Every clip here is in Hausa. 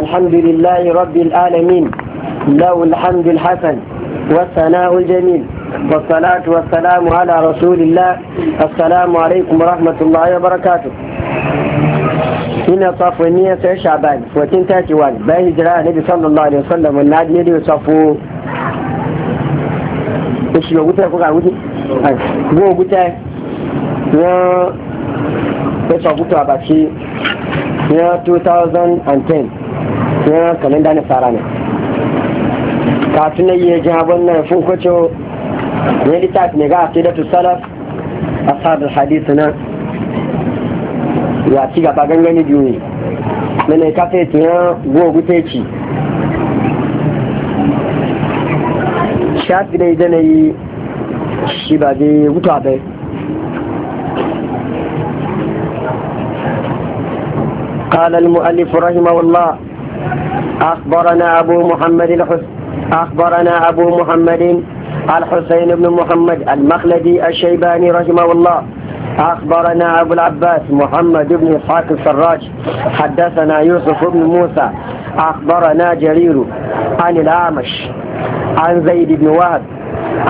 الحمد لله رب العالمين له الحمد الحسن والثناء الجميل والصلاة والسلام على رسول الله السلام عليكم ورحمة الله وبركاته هنا صف النية شعبان وتين تاتي وان باي هجراء النبي صلى الله عليه وسلم والنادي يدي وصفو ايش لو قلت لك قلت لك قلت لك قلت لك ya 2010 ya kalenda na tsara ne kafin na iya jin abin nan fun kwacho ne littafi ne ga akidatu salaf ashabul hadith na ya ci gaba gangani biyu ne mene kafe tiya gogu teci shafi ne idan yi shi ba zai wuta bai قال المؤلف رحمه الله أخبرنا أبو محمد الحس أخبرنا أبو محمد الحسين بن محمد المخلدي الشيباني رحمه الله أخبرنا أبو العباس محمد بن إسحاق السراج حدثنا يوسف بن موسى أخبرنا جرير عن الأعمش عن زيد بن وهب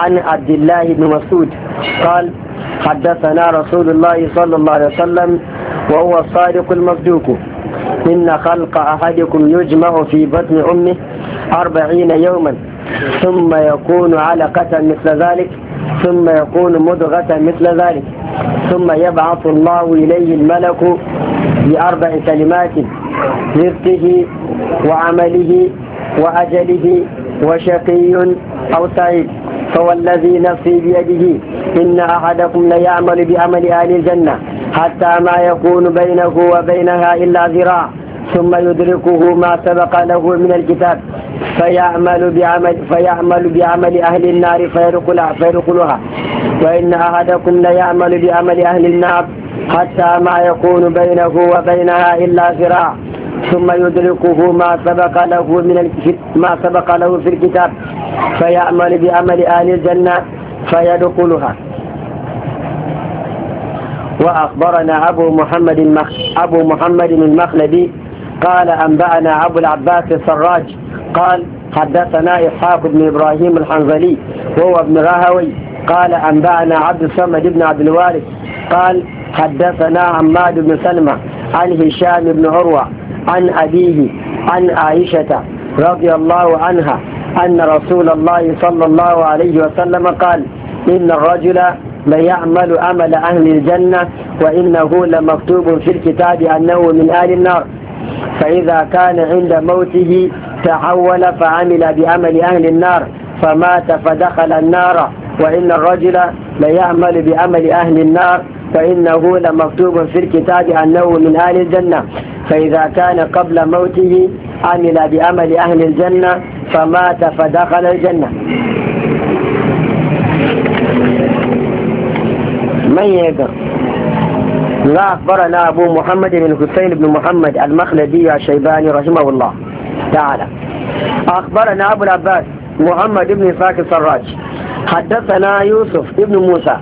عن عبد الله بن مسعود قال حدثنا رسول الله صلى الله عليه وسلم وهو الصادق المصدوق إن خلق أحدكم يجمع في بطن أمه أربعين يوما ثم يكون علقة مثل ذلك ثم يكون مضغة مثل ذلك ثم يبعث الله إليه الملك بأربع كلمات رزقه وعمله وأجله وشقي أو سعيد فوالذي نفسي بيده إن أحدكم ليعمل بعمل أهل الجنة حتى ما يكون بينه وبينها إلا ذراع ثم يدركه ما سبق له من الكتاب فيعمل بعمل فيعمل بعمل أهل النار فيدخلها فيدخلها وإن أحدكم ليعمل بعمل أهل النار حتى ما يكون بينه وبينها إلا ذراع ثم يدركه ما سبق له من ما سبق له في الكتاب فيعمل بعمل أهل الجنة فيدخلها وأخبرنا أبو محمد المخ... أبو محمد المخلبي قال أنبأنا أبو العباس السراج قال حدثنا إسحاق بن إبراهيم الحنظلي وهو ابن راهوي قال أنبأنا عبد الصمد بن عبد الوارث قال حدثنا عماد بن سلمة عن هشام بن عروة عن أبيه عن عائشة رضي الله عنها أن رسول الله صلى الله عليه وسلم قال إن الرجل ليعمل عمل أهل الجنة وإنه لمكتوب في الكتاب أنه من أهل النار فإذا كان عند موته تحول فعمل بعمل أهل النار فمات فدخل النار وإن الرجل ليعمل بعمل أهل النار فإنه لمكتوب في الكتاب أنه من أهل الجنة فإذا كان قبل موته عمل بعمل أهل الجنة فمات فدخل الجنة من يقر لا أخبرنا أبو محمد بن حسين بن محمد المخلدي الشيباني رحمه الله تعالى أخبرنا أبو العباس محمد بن إسحاق السراج حدثنا يوسف بن موسى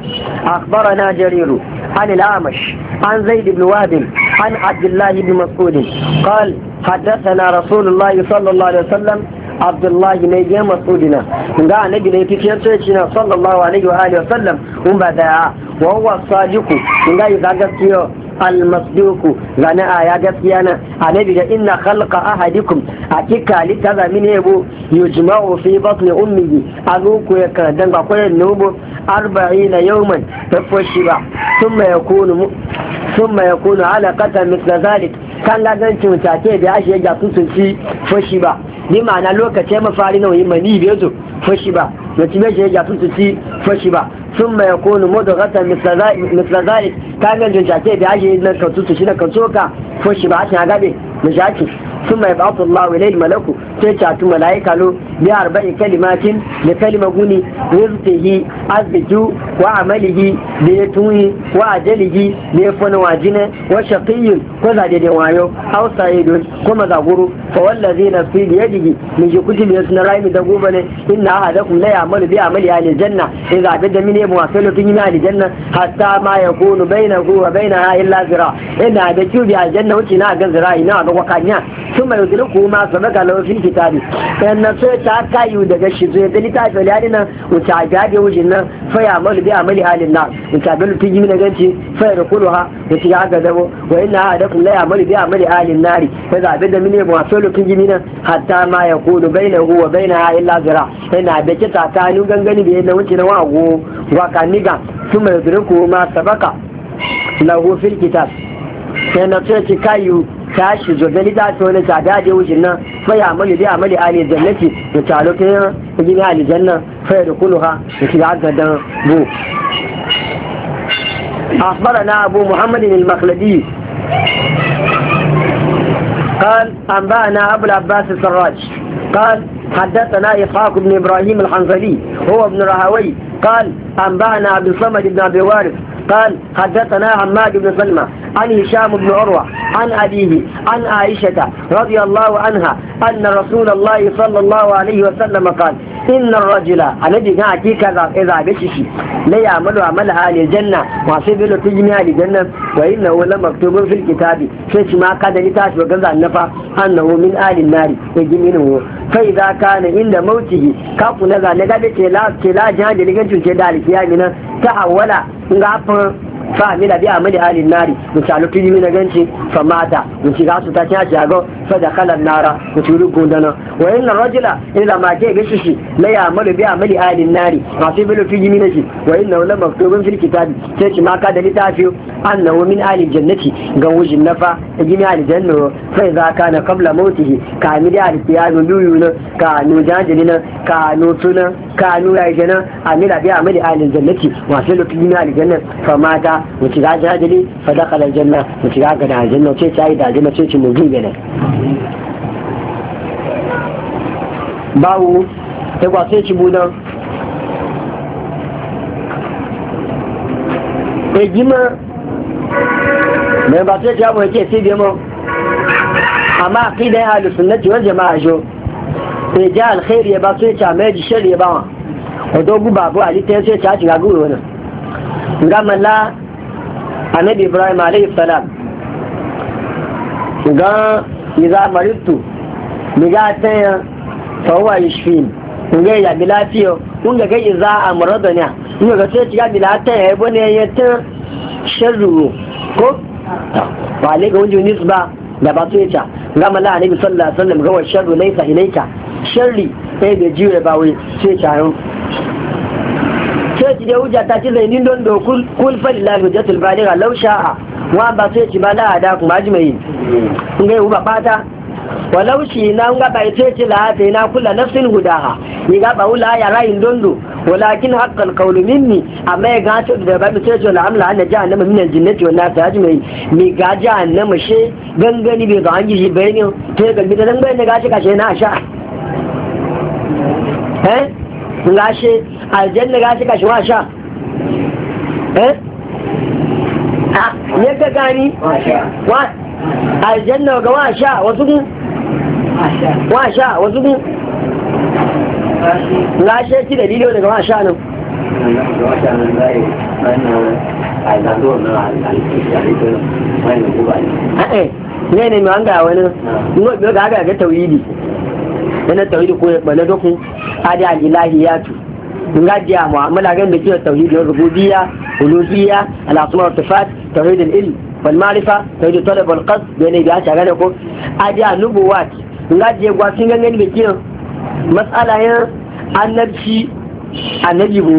أخبرنا جرير عن الأعمش عن زيد بن واد عن عبد الله بن مسعود قال حدثنا رسول الله صلى الله عليه وسلم abdullahi ne ya masudina ga annabi ne fitin sai na sallallahu alaihi wa alihi wa sallam kun ba da wa huwa sadiqu kun ga ya gaskiya almasduku zane a ya gaskiya na annabi da inna khalqa ahadikum akika li kaza min yabo yujma'u fi batni ummihi azuku ya ka dan ba koyen nubu 40 yawman tafashi ba thumma yakunu thumma yakunu alaqatan mithla zalik kan ga dan cin take da ashe ya sun sun ci fashi ba ni ma'ana lokacin mafari na yin mani biyu zo fashi ba mace mai shirya sun ci fashi ba sun mai kone modu rata mislazari ta gajin shafe da ake yi na kansu su shi na kansu ka fashi ba a shi na gabe mu ثم يبعث الله إليه الملك تشعت ملائكة له بأربع كلمات لكلمة قولي رزقه أزجو وعمله ليتوه وعجله ليفن واجنة وشقي كذا دي دوايو أو سعيد كما ذاقروا فوالذين في بيده من جكوتي ليسن رايم دقوبنا إن أحدكم لا يعمل بعمل أهل الجنة إذا عبد من يمواصل في أهل الجنة حتى ما يكون بينه وبينها إلا زراع إن عبدتو بأهل الجنة وشنا أغن زراعي نعم وقعنيا Sumba da gurin kuma a saba kala ofisitare. Kana na sa ta kai daga shi zuɗu. Idan ni ta zali a daina wuce a Fa ya amalube a mali alin na. Wuce a be lutijimina dancin fa ya da kulawa da shi a gaɗa Wa ina haɗa kun lai amalube a mali alin na. Yanzu a be ɗan min yau a saka lupinji na. Hata ma ya kodu bai na huwa bai na ha'ilazira. Ina a be kyau ta hannu ganganin biyar na wuce na wa Wa kan niga sumba da gurin kuma sabaka lau ofisitare. Kana na sa ya tashi zogani da to ne tsada da wujin nan fai amali da amali ali jannati to talo ke gina ali janna fai da kuluha da shiga dan bu أخبرنا أبو محمد المخلدي قال أنبأنا أبو العباس السراج قال حدثنا إسحاق بن إبراهيم الحنظلي هو ابن رهوي قال أنبأنا عبد الصمد بن أبي وارث قال حدثنا عماد بن سلمة عن هشام بن عروة عن أبيه عن عائشة رضي الله عنها أن رسول الله صلى الله عليه وسلم قال inna rajula annabi ga hakika za ka zabe shi shi la ya'malu amala ahli janna wa sai bilo tijmi ahli janna wa inna wala maktubun fil kitabi sai shi ma kada ni tashi ga zannafa annahu min ahli nari ya giminu fa idza kana inda mautihi ka na zanne ga da ce la ce la jihadi ligan cuce da alkiyami ta awwala ga fa fa amila bi amali alin nari mu ta lutu yi na ganci fa mata mu ci gasu ta kya jago fa da kalan nara mu ci rubu dana wa inna rajula ila ma ke gashi shi la ya amalu bi amali alin nari ma fi lutu tuji na shi wa inna la maktubun fil kitabi sai ci ma ka da litafi annahu min alil jannati ga wujin nafa jimi alil janna fa idza kana qabla mautihi ka mi da alil qiyam duyu na ka nu jajili na ka nu tuna ka nu ya jana amila bi amali alil jannati wa sai lutu yi mina alil jannati fa mata wuce ga jahajali fa wuce ga gada janna ce ta yi da janna ce ce ne bawo ta kwa sai ci budan e gima mai ba sai ci abu yake sai amma jamaa jo e ji ya ba sai ci mai ji shari'a ba wa babu sai ci a annabi ibrahim alayhi salam ga iza maritu miga tayan fawa yishfin kunga ya bilatiyo kunga ga iza amradana ne ga sai ga bilatiyo e bone ye ta sharru ko ba le ga wunju nisba da ba sai ta ga mala annabi sallallahu alaihi wasallam ga wa sharru laysa ilayka sharri sai da jiwe ba wai sai ta sai ki da hujja ta ci zainin don da kul fa lillahi hujjatul ga law a wa ba sai ci ba la'a da kuma ji mai ngai ga uba bata wa shi na nga ba ita ce la ta ina kula nafsin hudaha ni ga ba wula ya rayin do walakin haqqal qawlu minni amma ya gato da ba ita ce na amla anna jahannama jinnati wa wan nas mai ni ga jahannama she gangani bai ga an yi bayani te ga mi da dangane ga shi kashe na sha eh ngashe aljanna ga suka wa sha eh ya ah, ga gani wa aljanna ga wa sha wasu kun wa sha wasu kun na shi ki dalilo daga wa sha nan eh, ne ne mai an wani ga ga ga tauhidi wani ko ya ɓane dokun adi al-ilahiyatu ngajiya mu'amala gan da kiwon tauhid na rububiyya uluhiyya al-asma wa sifat tauhid al-ilm wal ma'rifa tauhid talab wal qasd da ne ga ta gane ko ajiya nubuwat ngajiya gwa sun gangan da kiwon mas'ala yan annabci annabi bo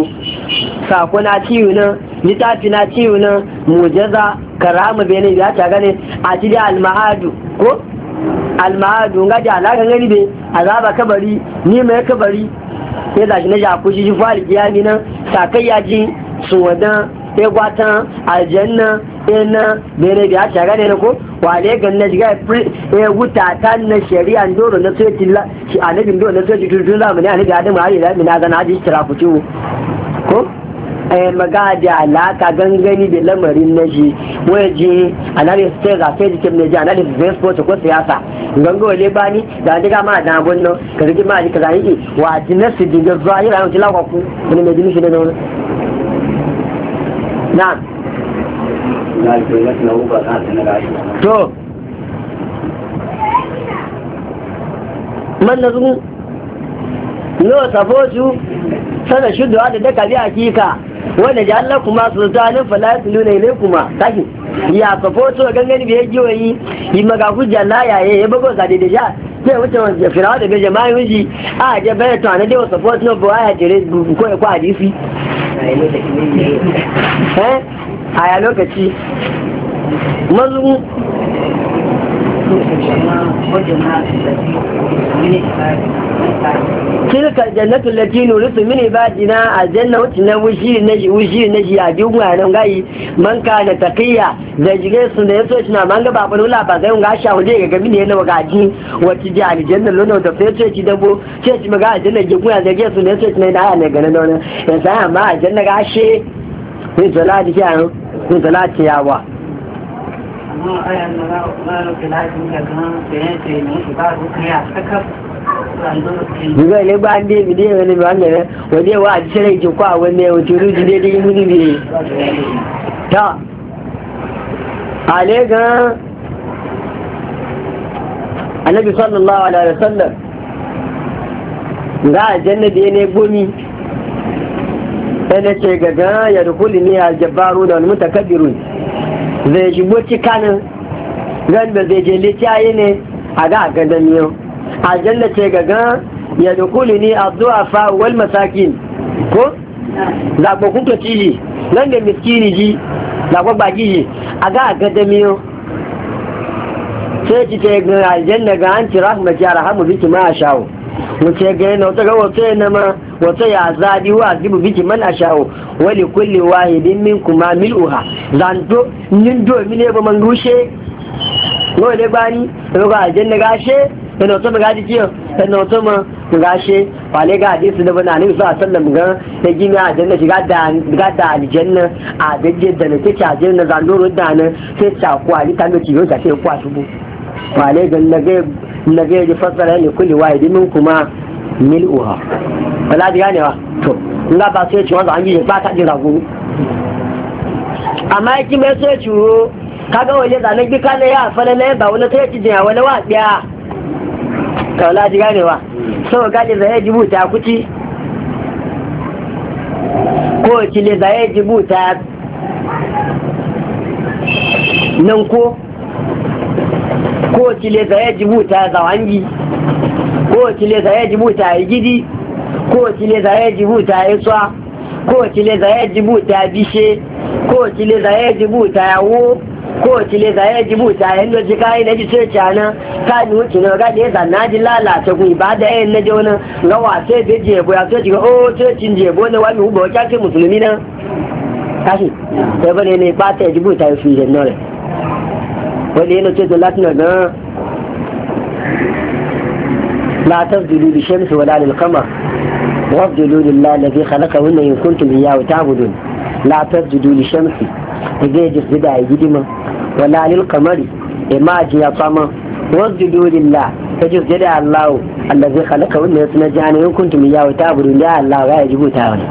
sako na ciwo na littafi na ciwo na mujaza karama da ya ta gane a cikin al-ma'adu ko al-ma'adu ngajiya alakan gani be azaba kabari ni mai kabari sai da na ja ku shi fali kiyami nan sakayya ji suwadan sai gwatan aljanna ina bere biya shaga ne ko wale gan na shiga ya eh, wuta ta na shari'a doro na shi anabin doro na soyaci tuntun zamani anabi adam a yi lamina gana aji tirakuci ko eh magadi alaka gangani da lamarin na ji waje analysis sai ga sai jikin ne ji analysis zai sport ko siyasa gango wale bani da diga ma da gonno ka rigi ma ji kaza yi wa dinasi diga zahira an tilawa ku ne me dinishi ne wannan na to man nazu no saboju sana shuddu da daka bi hakika wanda ji Allah kuma su zuwa zanin falasu nuna ne kuma sashi ya safo to gangani bai ji wani yi maga hujja na yaye ya bago ga daidai ja sai wuce wanda firawa da bai jama'a miji a ajiyar bai to an dewa wasu su to ba jere jire kwa hadisi a ya lokaci mazu Thank you. tilka jannatu lati nurisu min ibadina aljanna wacce na wushiri na wushiri na shi a biyu ga nan gai man ka da taqiya da jige su da yaso shi na man ga babu lula ba zai ga sha huje ga gabi ne na wagaji wati ji aljanna lono da sai ce ci dabo ce ci maga aljanna ji kuya da jige sun da yaso shi na da ne ga nan nan ya sai amma aljanna ga she ni zala salati ya ni zala salati ya wa amma ayan na ga ba ka ji ga sai ce ne ba ku ya saka Nígbà ilé gbá ń dé ìdí ìwé níbi wà lẹ́rẹ́, wọ́n dé wà àti ṣẹlẹ̀ ìjòkó àwọn ẹni ẹ̀wọ̀n tí olú ti dé dé inú níbi sallallahu alaihi wasallam, ga da ya ne gomi, ɗaya ce ya ne aljabaru da wani zai shigo cikanin, ran zai je littaye ne a ga a yau. aljanna ce gaga ya dukuli ni abdu'a fa wal masakin ko zaɓo kuka ci ji nan da miskini ji zaɓo baki ji a ga a gada miyo sai ci ce ga aljanna ga an ci rahmat ya rahamu biki ma a shawo ce ga yana wata ga wata yana ma wata ya zaɓi wa zibu biki man a shawo wani kulle wahidin min kuma mil'uha zanto nin domin ne ba man rushe nawa ne bani daga aljanna gashe yana wato ga ji kiyo yana wato ma ga she wale ga hadisi da bana ne sa sallam ga ta gini a janna shiga da ga da aljanna a dajje da ne take a janna za nuru da nan sai ta kwali ta ne kiyo ta kwa ku asubu fale ga nage nage ji fasara ne kulli wahidi min kuma mil'uha wala ji gane wa to ga ba sai ci wanda an yi ba ta jira guru amma yake mai sai ciro kaga wale na bi kana ya fara ne ba wani sai ci jiya wani wa biya kaula ji ganewa sau gali zai ji buta kuci ko kile zai ji buta nan ko ko kile zai ji buta zawangi ko kile zai ji buta gidi ko kile zai ji buta yaswa ko kile zai ji buta bishe ko kile zai ji buta yawo ci le za ya ji buta yan da jika yi na ce sai na ka ni wuce na ga ne za na ji lalata ku ba da yan na jona ga wase da jebo ya ce ga o sai cin jebo ne wani uba wata ce musulmi na shi sai bane ne ba ta ji buta su da nore wani yana ce da lati na la tafdilu bi shamsi wala lil qamar wafdilu lillahi alladhi khalaqahunna in kuntum iyyahu ta'budun la tafdilu li shamsi zai ji da gidima wala lil qamari ma ji ya fama wasjudu lillah tajus jada Allah allazi khalaqa wanda yasna jahannam in tumi ya ta buru da Allah ya ji buta wani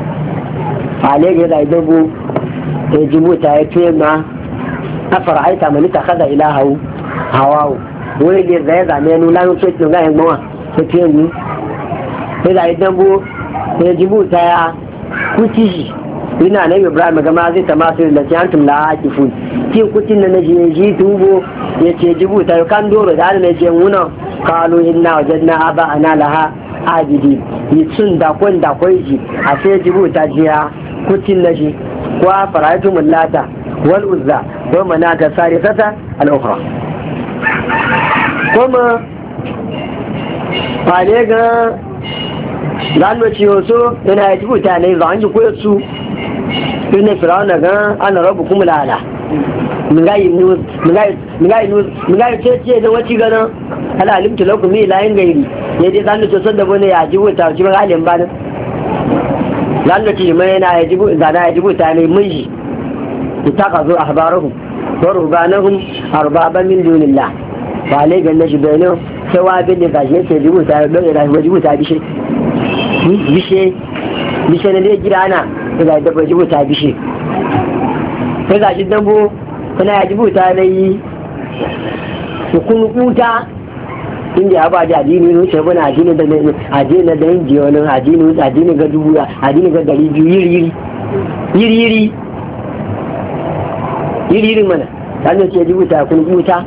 ale ga da dabu ya ji buta ya ce ma afara aita man ta kaza ilahu hawawu wai da zai zame nu lan so ce ga yan mawa ko ce ni sai da dabu ya ji buta ya kuci ina na ibrahim ga ma zai yi da jantum la akifun ki kucin na je ji tubo ya ce jibu ta kan doro da na je wuna kalu inna wajadna aba ana laha ajidi yi tun da kun da kwai ji a sai jibu ta jiya kucin na shi kwa faraitu mullata wal uzza wa manata sarisata al ukhra kuma fale ga zan ciwo so yana ya jibu ta ne zan ji koyar su sai na firawuna ga ana rabu kuma lala mun ga yi ce ce da wacce ganin ala alimta lakum mai layin gairi ya dai zanu ce da bane ya jibu ta ji ga alim bana da ce mai yana ya jibu zana ya jibu ta ne mun shi itakazu ahbaruhum wa rubanahum arbaban min dunillah ba lai ga shi bane sai wa bin da gashi yake jibu ta ya ga jibu ta bishe bishe bishe ne dai gidana za da jibu ta bishe sai za shi kuna ya jibu ta na yi hukun kuta inda ba ji adini ne ce bana adini da adini dan jiyo jiyonin adini adini ga dubu adini ga dari biyu yiri yiri yiri yiri yiri mana sannan ce jibu ta kun kuta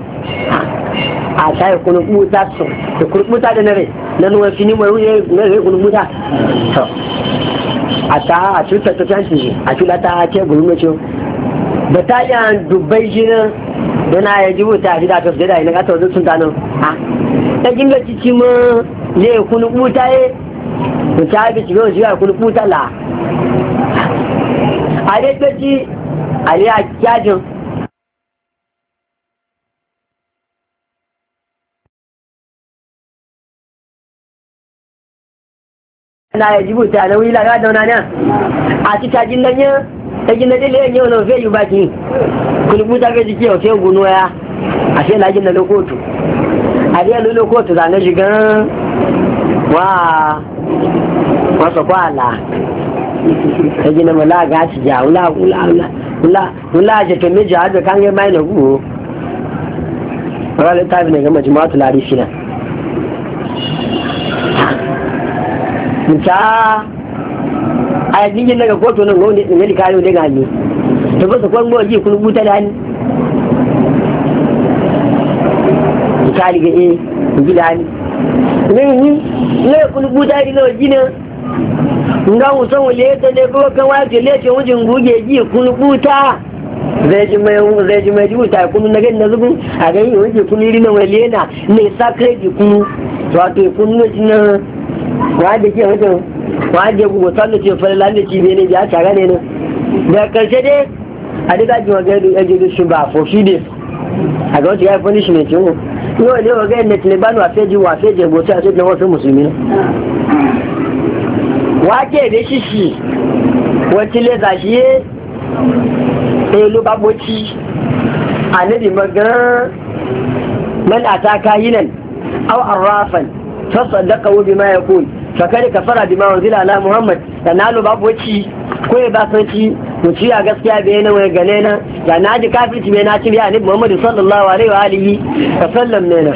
a shayi kun kuta su kun kuta da na rai na nuwa fini mai wuye na rai kun kuta ata a tuta ta tashi shi a tula ta ke gulmace da ta yi an dubbai jinin yana ya ji wuta shi da ta fi da ina ka tauzin sun tanu a ta ginga cici ma ne kunu kuta ye ku ta bi shiga wasu ya kunu kuta la a dai ta ci a ne a la yajibu ta na wila ga dauna a ti ta jindan ya ta yau fe baki kulbu ta ga jike fe guno ya a fe la lokoto a dai lo lokoto da na wa kwala ta mala ga ci ja je me ja da kan ga mai na ne ga ta a jirgin daga kotu nan gwamnati ɗin yadda kayo daga hannu ta fasa kwan mawaji kun buta da hannu ta riga e bi da hannu nan yi ne kun buta da lawaji ne nga wusan wale yadda ne kuma kan ke lece wajen guge ji kun buta zai ji mai zai ji mai jibuta kunu na gani na zubu a gani wajen kun iri na wale na ne sakredi kunu wato kunu na wa da ke wajen wa da gugu sallu ce fa lalle ci ne ya ta gane ne da karshe dai a duka ji wa gaidu ya gidu shi ba for few days a ga wata ya yi punishment yau yau ne wa gaidu na tilibanu a feji wa feji gosi a feji wasu musulmi wa ke da shi shi wacce le shi ye elu eh, baboci a nabi magan man a ta kayi nan au arrafan sassan da kawo ma ya ka fara bi bima zila ala muhammad da na lo babu wacce ko ya ba san ci mutu ya gaskiya bai yana wani gane na ya na ji kafirci mai na ci biya ni muhammadu sallallahu alaihi wa alihi ka sallam ne na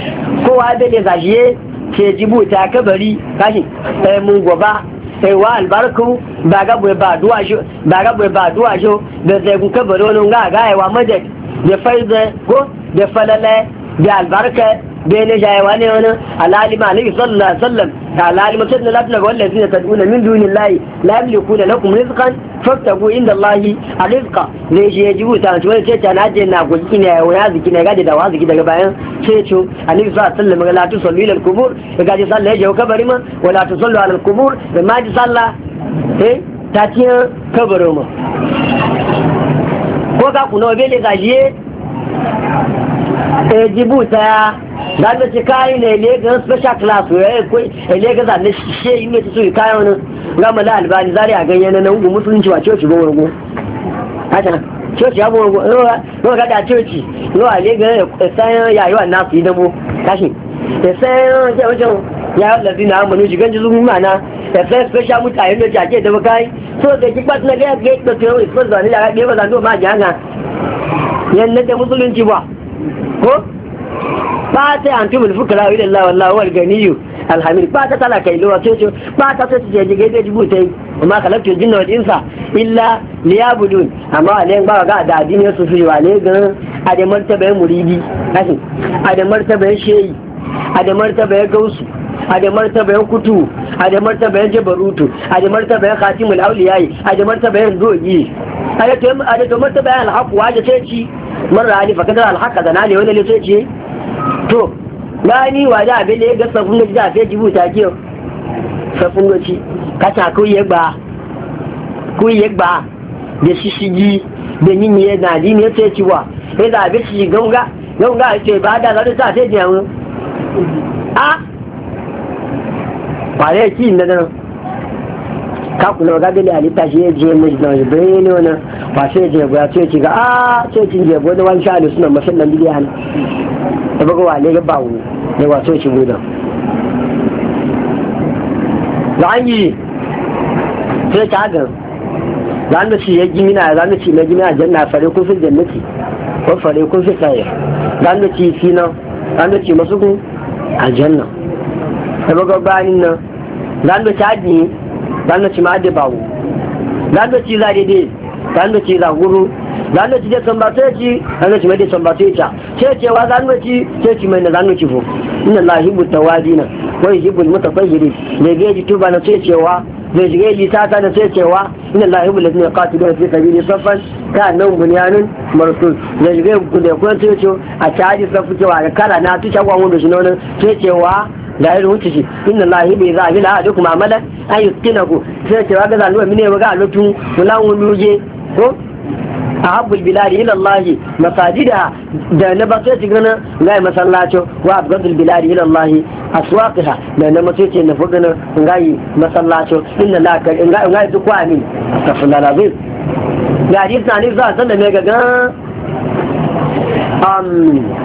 kowa da ne zajiye ke jibu ta kabari kashi sai eh, mun goba sai eh, wa albarku ba ga bai ba duwa sho ba ga bai ba duwa sho da zai kun kabaro nun ga ga wa madad da faiza ko da falala da albarka bai na jayewa ne wani ma alaihi sallallahu alaihi wasallam da alali sun lafi daga wannan zina ta duna min dunin layi la yamliku da lakum rizqan fastagu inda allahi rizqa ne shi ya jibu ta wani ce ta naje na gogi ne ya ziki ne gaje da wa ziki daga bayan ceto alaihi sallallahu alaihi wasallam la tu sallu ila al-qubur gaje sallah ya jawo kabari ma wala tu sallu ala al-qubur ma ji sallah eh ta tiyan kabarin ma ko ka kuna obele gajiye e jibu ta ya za ta ce na ne legan special class ya yi kwai e zane yi mai kayan wani gama da albani zari a ganye na nan musulunci ba coci ba wargo haka coci ya wargo ruwa da ya yi lafi sayan special mutane da yi ko ba ta antum al-fukara ila Allah wallahu al-ganiyyu alhamid ba ta talaka ilo wa cece ba ta ta je je da jibu tai amma kalaktu jinna wal insa illa liyabudun amma ne ba ga da addini su yi wa ne ga a da martaba muridi kashi a da martaba shehi a da martaba gausu a da martabayan kutu a da martabayan jabarutu a da martabayan khatimul auliyayi a da martabayan zogi a da to martabayan alhaku da sai ci marar ali fakadar alhaka da ne wani ne sai ci to gani da abin da ya ga safin gaji da fiye jibu ta kiyo safin gaji ku ya gba ya gba da shishigi da yin yi na dini ya sai ci wa da zaɓe shi ganga ganga ce ba da zai ta sai jiyan a ba zai ki na nan ka kula ga gani ta shi ya je mai da bai ne wani ba sai ya je ya ce ci ga ah, a ce ci je gobe wani sha da suna masallan bidiya hal da baga wale ga bawo ne wa sai ci godan da an yi sai ta ga zan da shi ya gimina zan da shi na a janna fare kun fi jannati ko fare kun fi tsaye zan da shi fi nan zan da shi masu kun aljanna sabaga bayanin nan zan da caji zan da ma da bawo zan da ci za zan da ci za guru zan da ci da san ba sai ci zan da ci mai da san ba sai ta sai cewa zan da ci sai ci mai da zan da ci fo inna lahi mutawadina wa yuhibbul mutatahhirin da geji tuba na sai cewa zai shiga yi sata da sai cewa inna lahi bil ladina qatiluna fi sabili safan ka nan bunyanun marsul da kuma sai cewa a caji safu cewa kala na tuka wanda shi nan sai cewa da ya rubuta shi inna lahi bai za a gina a duk an yi kina ku sai cewa ga zanuwa mine wa ga alutun mulawun luje ko a habbul biladi ila Allahi masajida da na ba sai gana ga masallacin wa abgadul biladi ila Allahi aswaqiha da na mace ce na fugana ga yi inna la ka in ga duk wa min astaghfirullah alazim ga hadisi ne za san da me ga ga amin.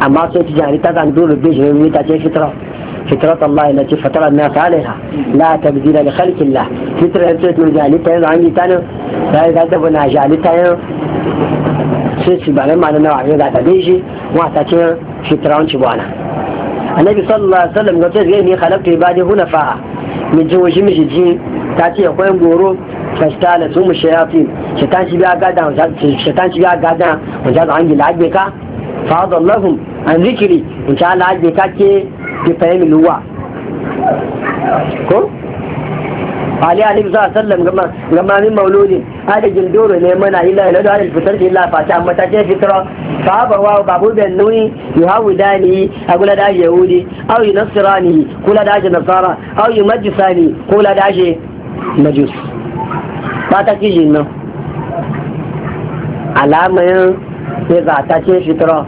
amma so ci jari ta zan dole bai shi ta ce fitra fitrat Allah na ce fatara na ta alaiha la tabdila fitra ta ce jari ta zan yi ta ne sai ga ta bana jari ta sai bare ma na da ta dai shi wa ta ce fitra ci bana annabi sallallahu alaihi wasallam ga ce ne khalaqtu ibadi hunafa mi ji wuji mi ji ta ce akwai goro fastala su mu shayatin shaitan shi gadan shaitan shi gadan wanda ka fa'adar lahum an zikiri in sha Allah ajiye kake ke fahimi luwa ko ali alif za a sallam gama min mauludin adagin doro ne mana ila ila da adal fitar ila fata amma ta ce fitra sahaba wa babu ben nuni hawu dani a kula da yahudi au yi nasirani kula da ashe nasara au yi majisani kula da ashe majus ba ta kiji nan alamayin sai za ta ce fitra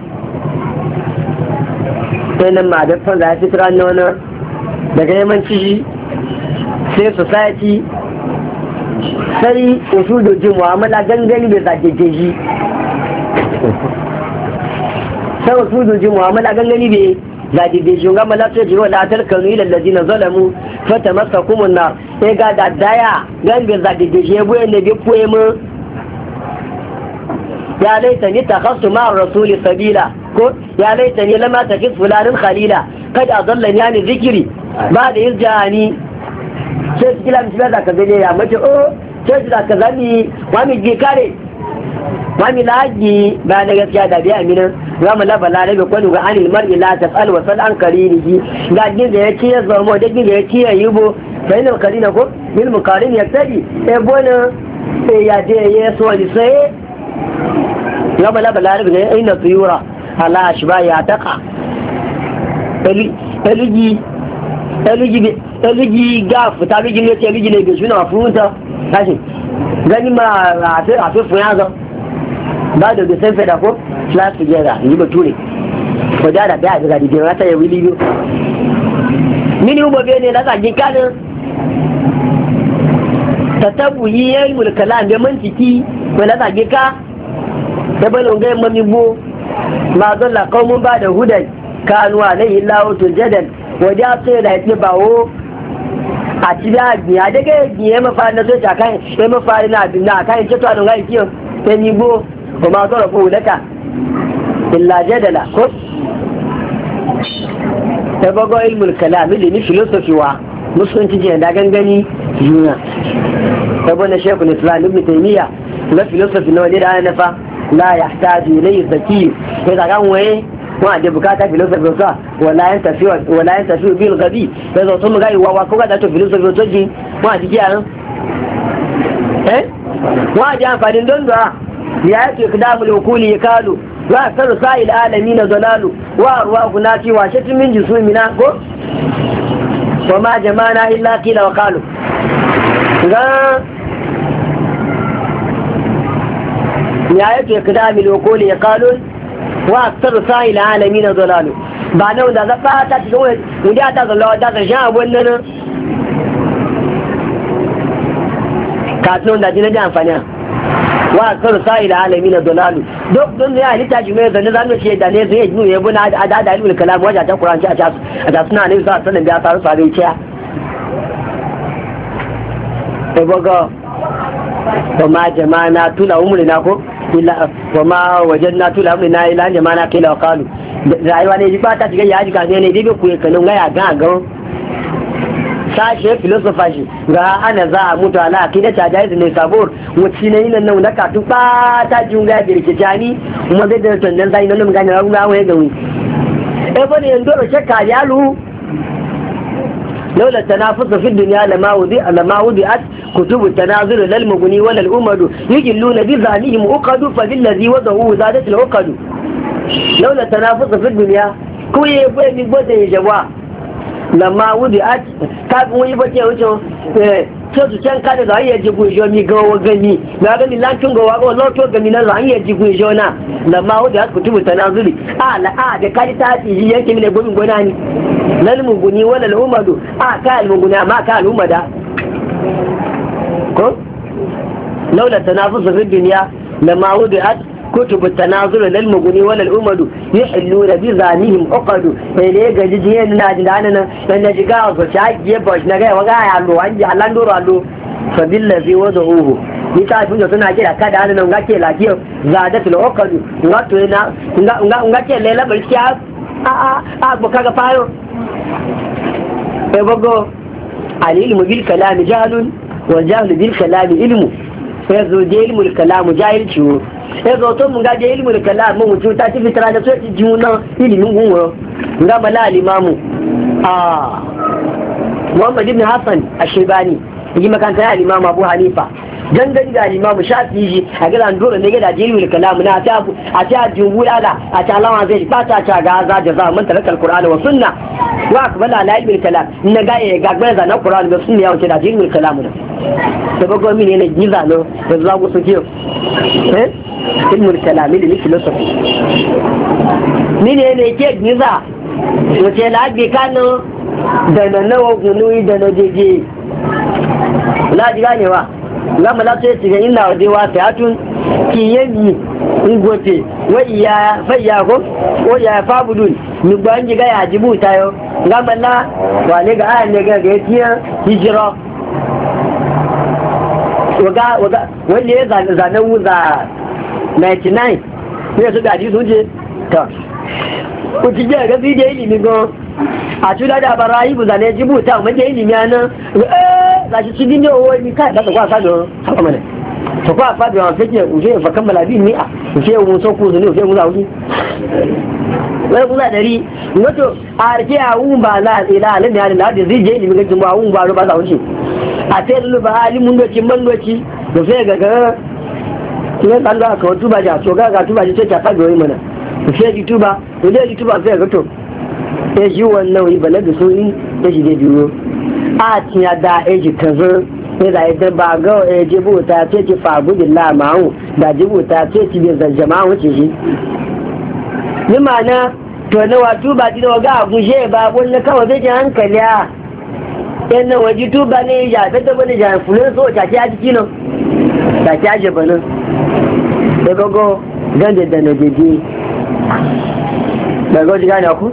sai nan ma da fan da ya fitar na wani daga yamanci sai society sai usul da jin mu'amala gangani da zagege shi sai usul da jin mu'amala gangani da zagege shi ga malaka ji wala tarkanu ila alladina zalamu fatamassakum an-nar sai ga da daya gangani zagege shi ya buye ne bi poema ya laita ni takhasu ma rasuli sabila ko ya laita ni lama tafi fulanin khalila kada ni ani zikiri ba da yajani sai kila misali da ka bane ya mace o sai da ka zani kare wa wani laji ba da gaskiya da biya amina wa mu laba larabe kwallo ga anil mar'i la tasal wa sal an karinihi ga da ya ciye zama da ginda ya ciye yibo bainal karina ko bil mukarin ya tadi e bona e ya de yeso ni sai ya bala bala ne ga ina tsiyura ala ashba ya taqa eligi eligi eligi ga futa eligi ne eligi ne ga shuna futa kashi gani ma afi afi fun yazo ba da sai fada ko class together ni ture ko da da ba ga di rata ya wili yo mini ubo be ne laka jin kadin tatabu yi yayi mulkalam be mantiki ko laka jin ka daban mami mamibo ma zalla kaumun ba da hudan kanu alaihi lahu jadal waje a tsaye da haifin bawo a cibi a ke daga ya ma mafari na soja kan ya mafari na abin na kan ce tuwa dunga ikiyo ta nibo ko ma zara ko hulaka illa jadala ko ta bago ilmul kalam ilimi filosofi wa musulunci jiya da gangani juna ta bane shekul islam ibn taymiya na filosofi na wani da ana nafa la yahtaju ilayhi zaki sai da kan waye wa da bukata philosophy sa wala yan tafi wala yan tafi bil gadi sai zo sun ga wa ko da to philosophy to ji wa ji ya eh wa ji amfani don da ya ce kidamul hukuli ya kalu wa sar sa'il alamin zalalu wa arwahu nati wa shatin min jisumina ko wa ma jama'ana illa qila wa qalu ga ya yake ya kada mi loko ne ya kalon wa sar sai la alamin zalalu ba wanda za zaba ta ci go wanda ya ta zalalu da ta sha abun nan ka to da jin da amfani wa sar sai la alamin zalalu duk don ya ni ta jume da ne zan ce da ne zai ju ya buna da da dalil kalam waje ta qur'an ci a tasu a tasu na ne sa sanin da ta sare ce ya ebogo ba ma jama'a na tuna umuri na ko ila wama tula na ila kila rayuwa ne sashe filosofa shi ga ana za a mutu ala akida da jaiz ne sabor wuci ne yin nan da ka tu ba ta jun ga jani kuma da da nan mun ga na ruwa ga wi e shakka yalu tanafusu fi dunya lama wudi lama wudi at كتب التنازل لا المغني ولا الأمد يجلون بذهنهم أقد فبالذي وضعه زادت العقد لولا التنافس في الدنيا كوي يبوي من بوتا يجوا لما وضعت كاب ويبوتا يوتو sai su can kada za iya ji gujo mi ga wa gani na gani lantin ga wago na to gani na za iya ji gujo na na ma wanda ku tubu ta nazuri a la a da kali ta ji yake mi ne gomin gona ni lal muguni wala al umadu a ka al muguni ma ka al ko laula tanafusu fi duniya ma wudi'at كتب التناظر للمغني ولا الأمد يحلون بزانهم أقد إليه جديد ga عننا أن جقاء فشاك يبوش da kira kada zada to na ga ga ke lela bar kiya a a a bo fayo e bogo alil mubil kalam jahlun wa jahil bil kalami ilmu sai zo je ilmul kalamu jahilci wo sai zo to mun ga je ilmul kalamu mu cuta ci fitara da sai ji mun ilimin gunwo ga bala alimamu a Muhammad ibn Hassan Ashebani yi makanta ya alimamu Abu Hanifa gangan da imamu shafi shi a ga zan dole ne ga da jirgin kalamu na ta a ta jubu da a ta lawa zai ba ta ta ga za da za mun talakal qur'ani wa sunna wa akbala la ilmi kalam na ga ya eh, ga gbanza na qur'ani da sunna ya wuce da jirgin kalamu da da bago mine ne giza no da za ku su kiyo eh ilmi kalam ne philosophy mine ne ke giza la labi kano da na nawa gunuyi da na jeje na ji ganewa lama la sai shiga illa waje wa ta hatun ki yayi in gote wa iya fa iya ko ko ya fa ni gban ji ga ya jibu ta yo lama la wa ne ga ayan ne ga ga tiya waga waga wani ya zane wuza 99 ne su ji sun je ta ku ci ga gan a cuta da ban rayu bu zane jibu ta mun je ilimi nan eh za shi cikin ne owo ni kai da kwa sado haka mana to kwa fa da fike uje fa kammala bi ni a uje mu so ku zuni uje mu za uji wai kuma dari wato a rike a wun ba na ila alin da halin da zai je ilimi gajin ba wun ba ba za uji a sai lulu ba halin mun doki man doki da sai ga ga ne kan da ka tuba ja to ga ga tuba ji ce ta fa fago yi mana ku sai ji tuba ku je ji tuba sai ga to eji wannan yi bala da soyi eji da biyu a tiya da eji kazan da idan ba ga eji buta ce ci fagu da lamahu da ji buta ce ci bai zanjama wuce shi ni to na wa ba ji da ba wannan kawai zai ji hankali a yan nan waje tuba ne ya fi da wani jami'in fulon so ta kya jiki nan ta kya jaba da gogo gan da na jeje da gogo gane ku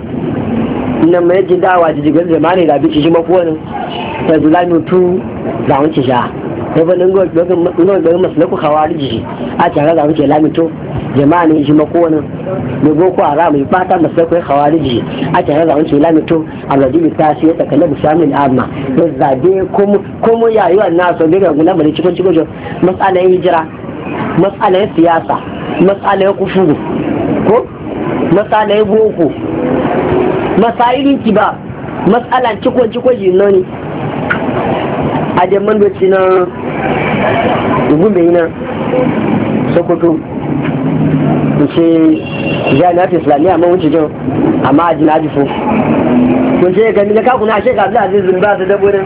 na mai jin dawa ji jigar mani da bi shi mafuwan ta zula mutu da wanci sha ya ba nan gwa gwa masu laku hawari jiki a tare da wuce lamito jama'a ne shi makonin mai boko haram mai fata masu laku hawari jiki a tare da wuce lamito a ladibi ta su ya tsakanin musamman amma ya zabe kuma yayuwa na so daga gula bari cikin cikin jo matsalar hijira matsalar siyasa matsalar kufuru. ko matsalar boko masailin ki ba matsalan cikon cikon shi nani a jaman doci na gumbe na sokoto ce jami'ar islamiyya amma wuce jan amma a jina jifo kun ce gani na kakuna a shekaru da zai ba su dabo nan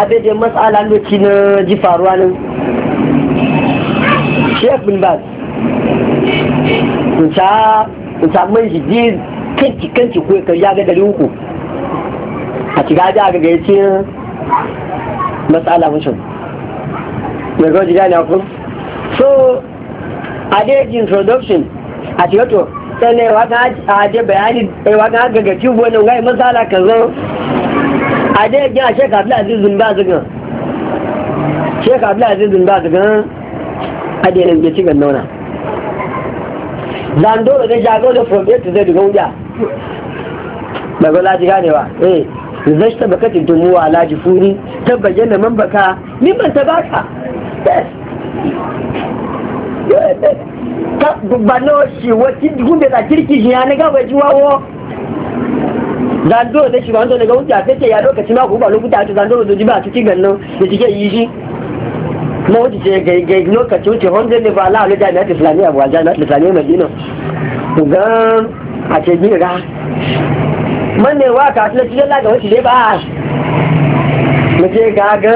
abin da matsala lokaci na ji faruwa nan shek ba, baz in ta man shi kanki kanki ko ka ya ga dari uku a ciga ja ga ga yace matsala mushin ya gaji gani a kun so a dai introduction a ciga to sai ne wa a dai bayani eh wata ga ga ci wannan ga matsala zo a dai gina a shek abu bin Baz ga shek abu bin Baz ga a dai ne ci ga nona zando da jagoro from 8 to Z ga wuya daga laji ganewa eh zai ta baka mu wa laji furi ta bayyana man baka mimman ta baka ta gubano shi wacce gunde da kirki shi ya na gaba ji wawo zando da shi wanda daga wuce a fece ya lokaci ma ku ba lokuta ta zando da jiba ta cigan nan da cike yi shi na wuce ce ga lokaci wuce hundred ne ba la'alu jami'at islamiyya ba jami'at islamiyya madina ga a ce gira manewa ka suna cikin laga wasu ne ba mace ga ga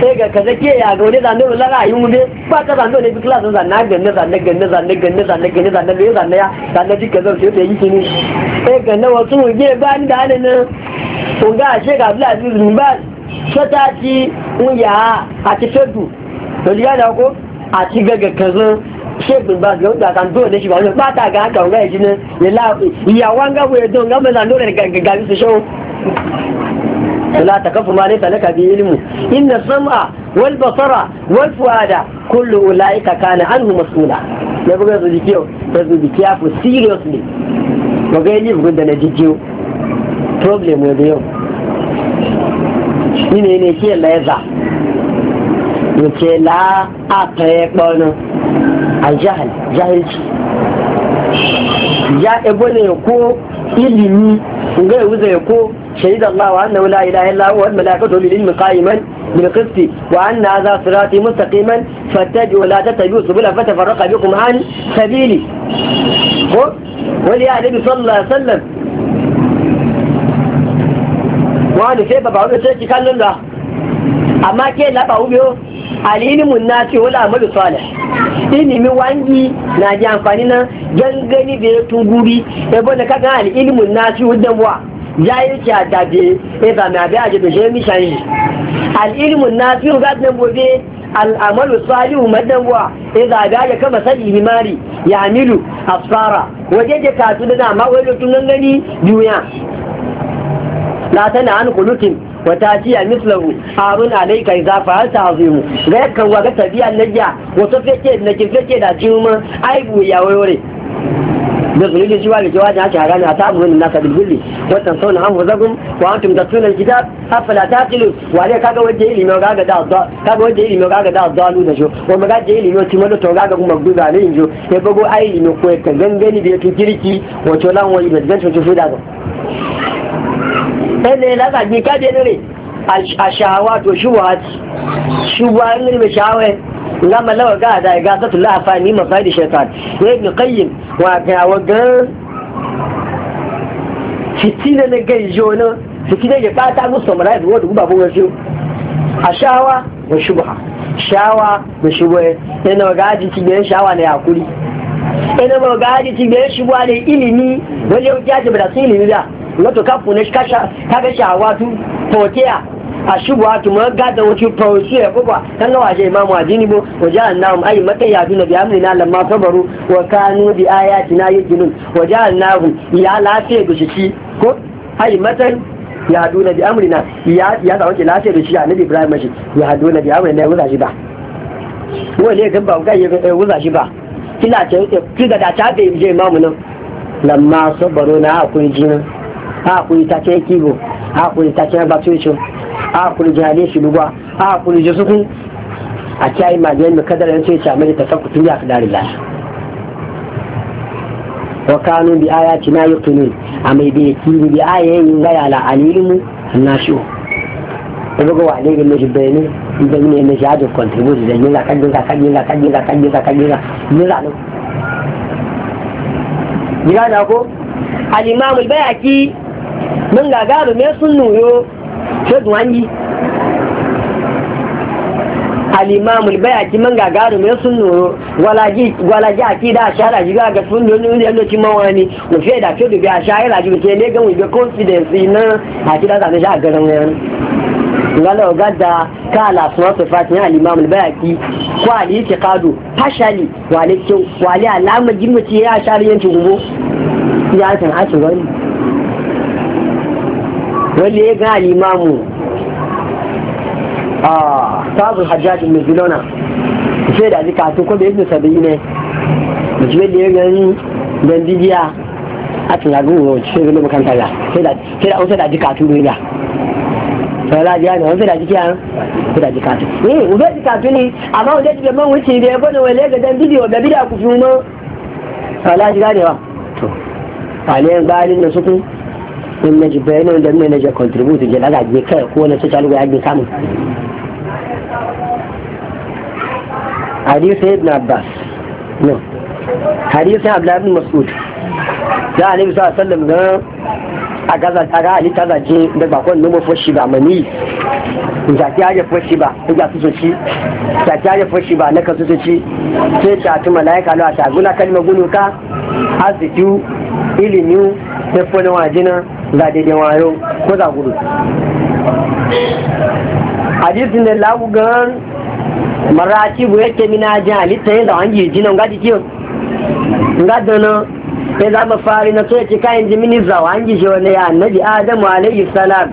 sai ga kaza ke ya ga wani zanen wula ra'ayin wule ba ta zanen wani bikila sun zanen ganne zanen ganne zanen ganne zanen ganne zanen bai zanen ya zanen ji kaza sai ta yi kini sai ganne wasu wuge ba ni da hannun nan kun ga ashe ga abdulaziz bin baz sata ci wuya a ci fedu to liya da ko a ci gaga kaza shebin ba ga da kan shi ba ne ta ga ka ga shi ne ya la ya wanga we don ga mai zando da ga su show la takafu ma laysa laka bi ilmu inna sam'a wal basara wal fuada kullu ulaika kana anhu mas'ula ya buga su dikiyo ta su dikiya for seriously ba ga yi bugun da na dikiyo problem wa da yau ni ne ne ke ke la a ta aljahal jahilci ya ebo ne ko ilimi ga yau zai ko shahidan Allah wa annahu la ilaha illa huwa al-malaikatu lil ilmi qa'iman bil qisti wa anna hadha sirati mustaqiman fattabi'u la tattabi'u subula fatafarraqa bikum an sabili ko wani ya nabi sallallahu alaihi wasallam wani sai baba wani sai kallon da amma ke laba ubiyo alilimin na ce wani amalu salih ilimin wangi na ji amfani na gangani da ya tuguri ya bane kaga alilimin na ce wajen wa ya yi ce a dabe ya zama abin a da shi mi shan shi alilimin na ce ga dan bobe al'amalu salihu madan wa ya zaga ya kama Sani, himari ya a tsara waje da kasu da na ma wani tun gangani duniya la tana an kulutin wata ci a mislahu harun alaika idza fa'alta azimu ga yakka wa ga tabi tabiya najja wato fake na kin fake da juma aibu ya wayore da zuri shi wa da jawa da haka gane a tabu wani nasa bilbili watan sauna an wazagun wa antum tasunan kitab ta taqilu wa ne kaga waje ilimi ga gaga da kaga waje ilimi ga gaga da dalu da shi wa maga je ilimi ti malo to gaga kuma guga ne in injo ya bago ai ilimi ko ka gangani da ya kirki wato lan wani da gancho to da ga ẹnlẹ̀ látàgbé káde lórí àṣàwà tó ṣùwà ṣùwà nínú ṣàwẹ̀ nga malawa ga da ga ta tula afani mafaidi shaitan ya ibn qayyim wa ga wa ga fitina na ga jona fitina ya fata musu mara da wadu babu wasu ashawa wa shubha shawa da shubha yana ga jiki da shawa ne hakuri yana ga jiki da shubha ne ilimi wani yau ya da su ilimi da wato kafu na kaga shawatu fotiya a shigowa tu ma da wace fauci ya kuba kan ga waje imamu a jini bo waje annahum ay duna bi amri na lamma sabaru wa kanu bi ayatina yujinun waje annahum ya lafiya gushi ko ay mata ya duna bi amri na ya ya da wace lafiya da shi annabi ibrahim shi ya duna na bi na ya wuza shi ba ne ga ba ga ya wuza shi ba kila ce kila da ta bai je imamu nan lamma sabaru na akun jinin akuri ta ce kibo akuri ta ce batucho jihadi shi lugwa jisuku a kiyaye majiyar mai kadar yanzu ya sami da tasakutun ya fi dari lashi wa kanu bi na a mai da yake bi ayayin gaya la buga wa ne ne shi bayani idan ne ne yin yin mun gagaru me sun nuyo shagun hanyi alimamul bayaki mun gagaru me sun nuyo gwalaji a kida a shahara jiga ga sun nuyo ne yanzu cin mawani mu fiye da fiye da biya shahara jiga ke ne gan wuje confidence na a kida zane shi a garin yanzu ngala ogada kala suna sifati ya al-imam al-bayhaqi ko al-i'tiqadu fashali wale wale alama jimmaci ya shariyanci gugu ya san hasu gani wanda ya ga limamu a sabu hajjaji mai da zika to sabi ne ya gani a tunagun wa ce zai makanta ya sai da sai da tu ne da sai da ne da sai da tu eh, tu ne amma wanda man wuce da ya ga da ku fi mu sai da ne to bayanin da in na ji bayanin da mai na ji contribute je daga je kai ko na cikin ya ji samu hadith ibn abbas no hadith abdullah ibn mas'ud da alaihi sallam ga a gaza ta ga ali ta kaza ji da ba kon numo foshi ba mani in ja ta ya foshi ba in ja su so ci ta ki aje foshi ba na ka su so ci sai ta tu malaika lo ta guna kalma gunuka azitu ilimi da fona wajina ga daidai wayo ko za gudu hadisin da lagu gan maraci bu yake mina jin halitta yin da wangi jinan gaji kiyo gada na ya zama fari na so ya ce kayan jimini zawa an gishe wani ya annabi adamu alaihi salam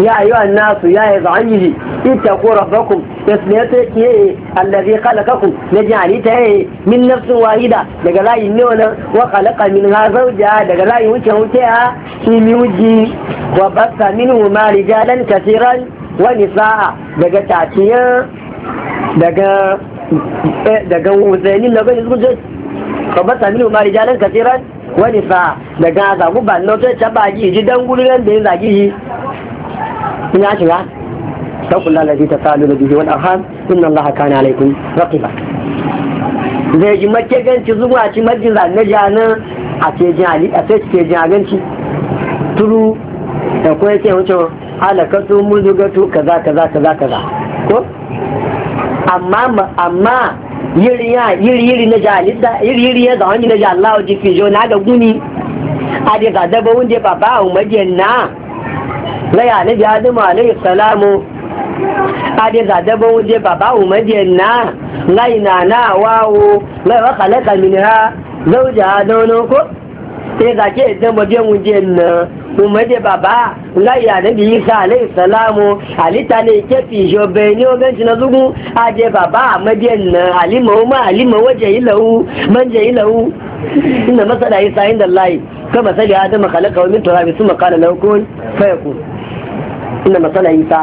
يا أيها الناس يا يضعيه اتقوا ربكم يسميته الذي خلقكم نجعلته من نفس واحدة لقد النونة وخلق منها زوجها لقد ينشهتها في موجي وبث منهما رجالا كثيرا ونساء لقد تعتيا لقد daga wuzanin na gani zuwa kabata minu ma rijalan kasiran wani fa daga zagu ban na ta ba ji dan gudunan da ya zagi kun ya shiga sauƙin lalazi ta salu da bihi wani arham inna allaha kana alaikum raqiba zai ji makke ganci zuwa ci majin zane jana a ce ali a sai ce jin ganci turu da ko yake wuce halakatu muzugatu kaza kaza kaza kaza ko amma amma yiri ya yiri yiri na jali da yiri yiri ya da na jalla o jifi jo na ga guni a da ga ba wunde ba o umar na lẹ́yà níbi adamu aleyhi salamu adézàdẹ́bọ̀ oúnjẹ bàbá òmẹ́jẹ náà láì nàá náà wáwo lẹ́wọ́ kàlẹ́kà mìíràn sai ga ke idan waje mu je na mu maje baba nga ya da isa alayhi salamu alita ne ke fi jo be ni o ganci na zugu aje baba maje na alima ma alima waje ilahu manje ilahu inna masala isa inda allahi kama sali adam khalaqa min turabi thumma qala lahu kun fayakun inna masala isa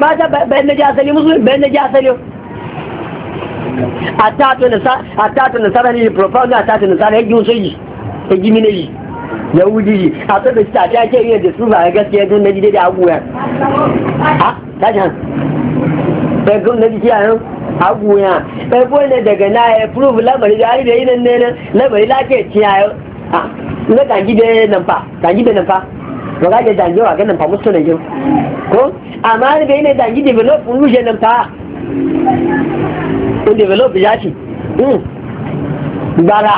ba bayan na ji asali bayan na ji asali a tatu na sarari profound a tatu na sarari yi ta gimi na yi ya wuji yi a ta da ta ta ke yin da su ba gaskiya na aguwa aguwa daga na ya da da yi nan ne lafiya na da nan fa nan fa to ga da dangi wa ganin fa suna ne ko amma ne bai ne dangi develop un luje nan ta un develop ya ci hmm. bara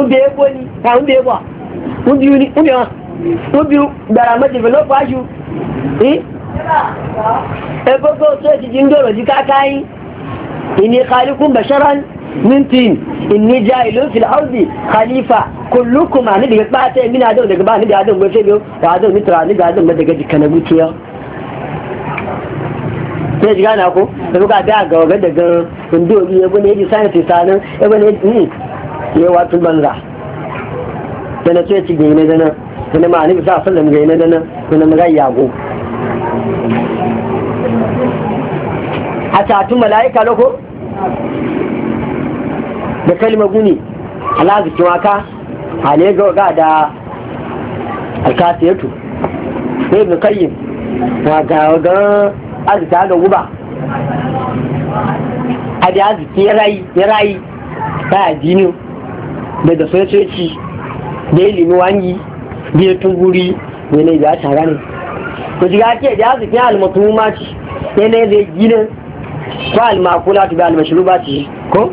un be ko ni ta un be ba un bi ni un ya un bi bara ma develop wa ju eh hmm. e gogo so ti jindoro ji ka kai ini khaliqun basharan mintin in inni jahilun fil ardi khalifa kullukum ani daga bata min adam daga ba bani da adam gofe biyo da adam mitra ni da adam daga jikana gutuya hmm, ne jiga na ko da buka da ga ga daga indo bi ya bane ji sai tisanin e bane ni ya wato banza dana ce ci gine dana dana ma ni sa sallam gine dana dana ya go a ta tu malaika loko da kalmar guni alazikin waka a ga ga da alkasiyatu sai ibn kayyim na ga ga azika ga guba a da aziki ya rayi ta addini da da sojoji da ilimin wangi da ya tunguri ne da ya tara ne ko ji ke da aziki almatuma ce ne zai gina ko almakula ta bi almashruba ce ko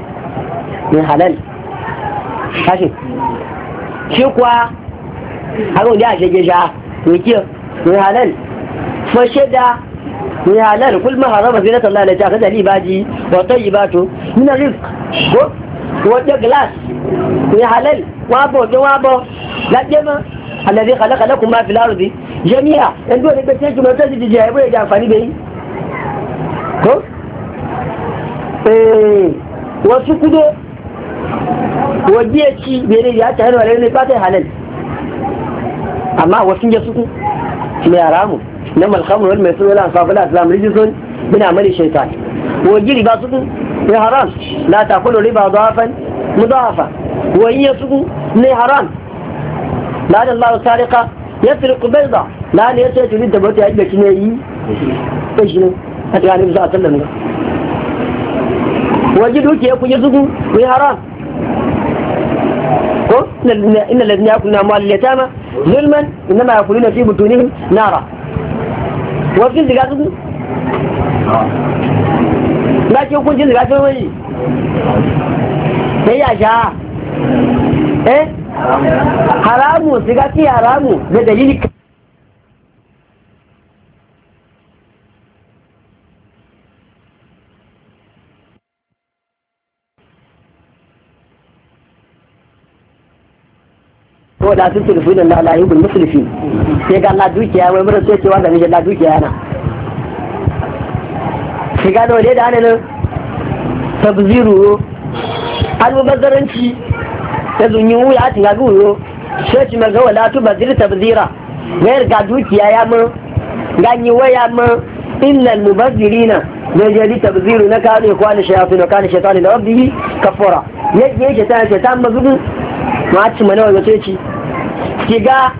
mai halal kashi shi kuwa haka wani a shege sha mai kiyo mai halal fashe da mai halal kul ma harama zai nata Allah da ta kada libaji wa tayyibatu nuna rizq ko wata glass mai halal wabo da wabo ladema alladhi khalaqa lakum ma fil ardi jami'a in dole ka ce ki mota ji jiya bai da amfani bai ko eh wasu kudo wadda ya ci bere ya ci hannu alayyar ne ba ta yi halal amma wasu ya suku mai haramu na malkamun wani mai sunan alfafa da islam rijisun bin amali shaitan wajen riba suku ne haram la ta kudu riba zuwafan wani ya suku ne haram na da allahu tarika ya fi riku bai ba na ne ya ce turin da bata ya yi da shi ne yi ta shi ne a tsakanin su sallan waje dukiya ku yi zugu ku yi haram ko inna ladin ya kunna mal yatama zulman inna ma yakuluna fi butunihim nara wasu diga zugu na ke kun diga zugu wai sai ya sha eh haramu diga ki haramu da dalili wala sun ce rufi da Allah yi musulfi sai ga Allah dukiya wai mura sai cewa da nake Allah dukiya yana sai ga dole da nan tabziru almubazzaranci ta zunyi wuya ta ga guyo sai ci maga wala tu bazir tabzira gayar ga dukiya ya mu ganyi waya mun illal mubazzirina zai je tabziru na kanu ya kwana shayafi na kanu shaitani da rabbihi kafara yake yake ta ta mazubu ma ci mana wanda sai ci kiga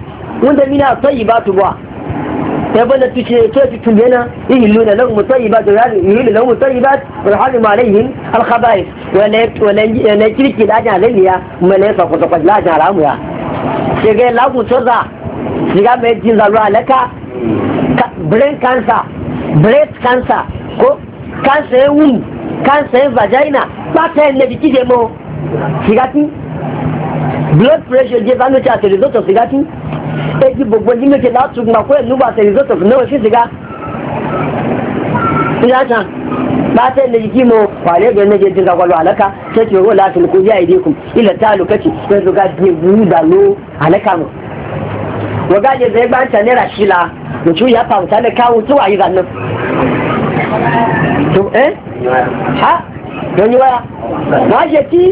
wanda mina sai ba tu ba sai da tuce sai tu tunena yihilluna lahum tayyibat wa da lahum tayyibat wa harimu alaihim alkhaba'ith wa la wala la kirki da ajala liya malaika ko kwata kwata ajala mu ya kiga la ku tsada kiga mai jin zalwa laka brain cancer breast cancer ko cancer womb cancer vagina ba ta ne bikije mo kiga tin blood pressure jẹ́ bánú tí a tẹ̀lé zọ́tọ̀ sìgá tí èjì gbogbo ní méje látún gbà kó ẹ̀lú bá tẹ̀lé zọ́tọ̀ náà sí sìgá. ìyá kan bá tẹ̀lé jí mo wàlẹ́ gẹ̀ méje dín kakwalo àlẹ́ka tẹ̀tì owó láti ní yá ìdí kù ilẹ̀ tá a lò kẹ́tì pẹ̀lú ká di wúrú dà ló àlẹ́ka mọ̀. wọ́n gá jẹ zẹ́ gbáǹtà la òtún yà pa òtá lẹ́ wọ́n á jẹ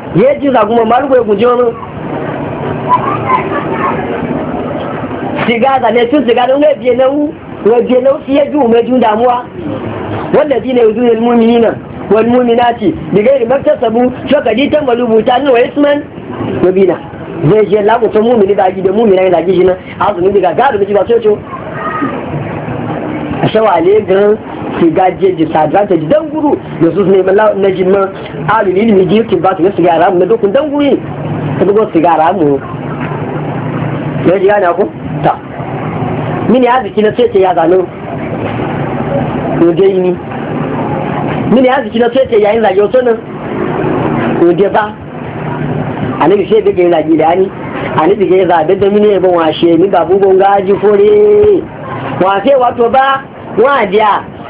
ye ji za kuma ma ya guje wani siga da ne tun siga da ngai biye nau wa biye nau fi ya ju me ju damuwa wanda ji ne yuzu mu'minina wal mu'minati bi gairi maktasabu shaka di tambalu wa isman mabina zai je mu'mini da mu'mina azumi daga gado ba a gan ke gaje ji sadata ji dan guru da su ne mala na jinna alu ne ne ji ba su sigara mu da kun dan guri ta bugo sigara mu ya ji gane ku ta mini ya ziki na sai ya zano ko dai ni mini ya ziki na sai yayin zage wato nan ko dai ba anabi sai daga yana gida ni anabi ga zabe da mini ban washe ni babu gonga ji fore wa sai wato ba wa dia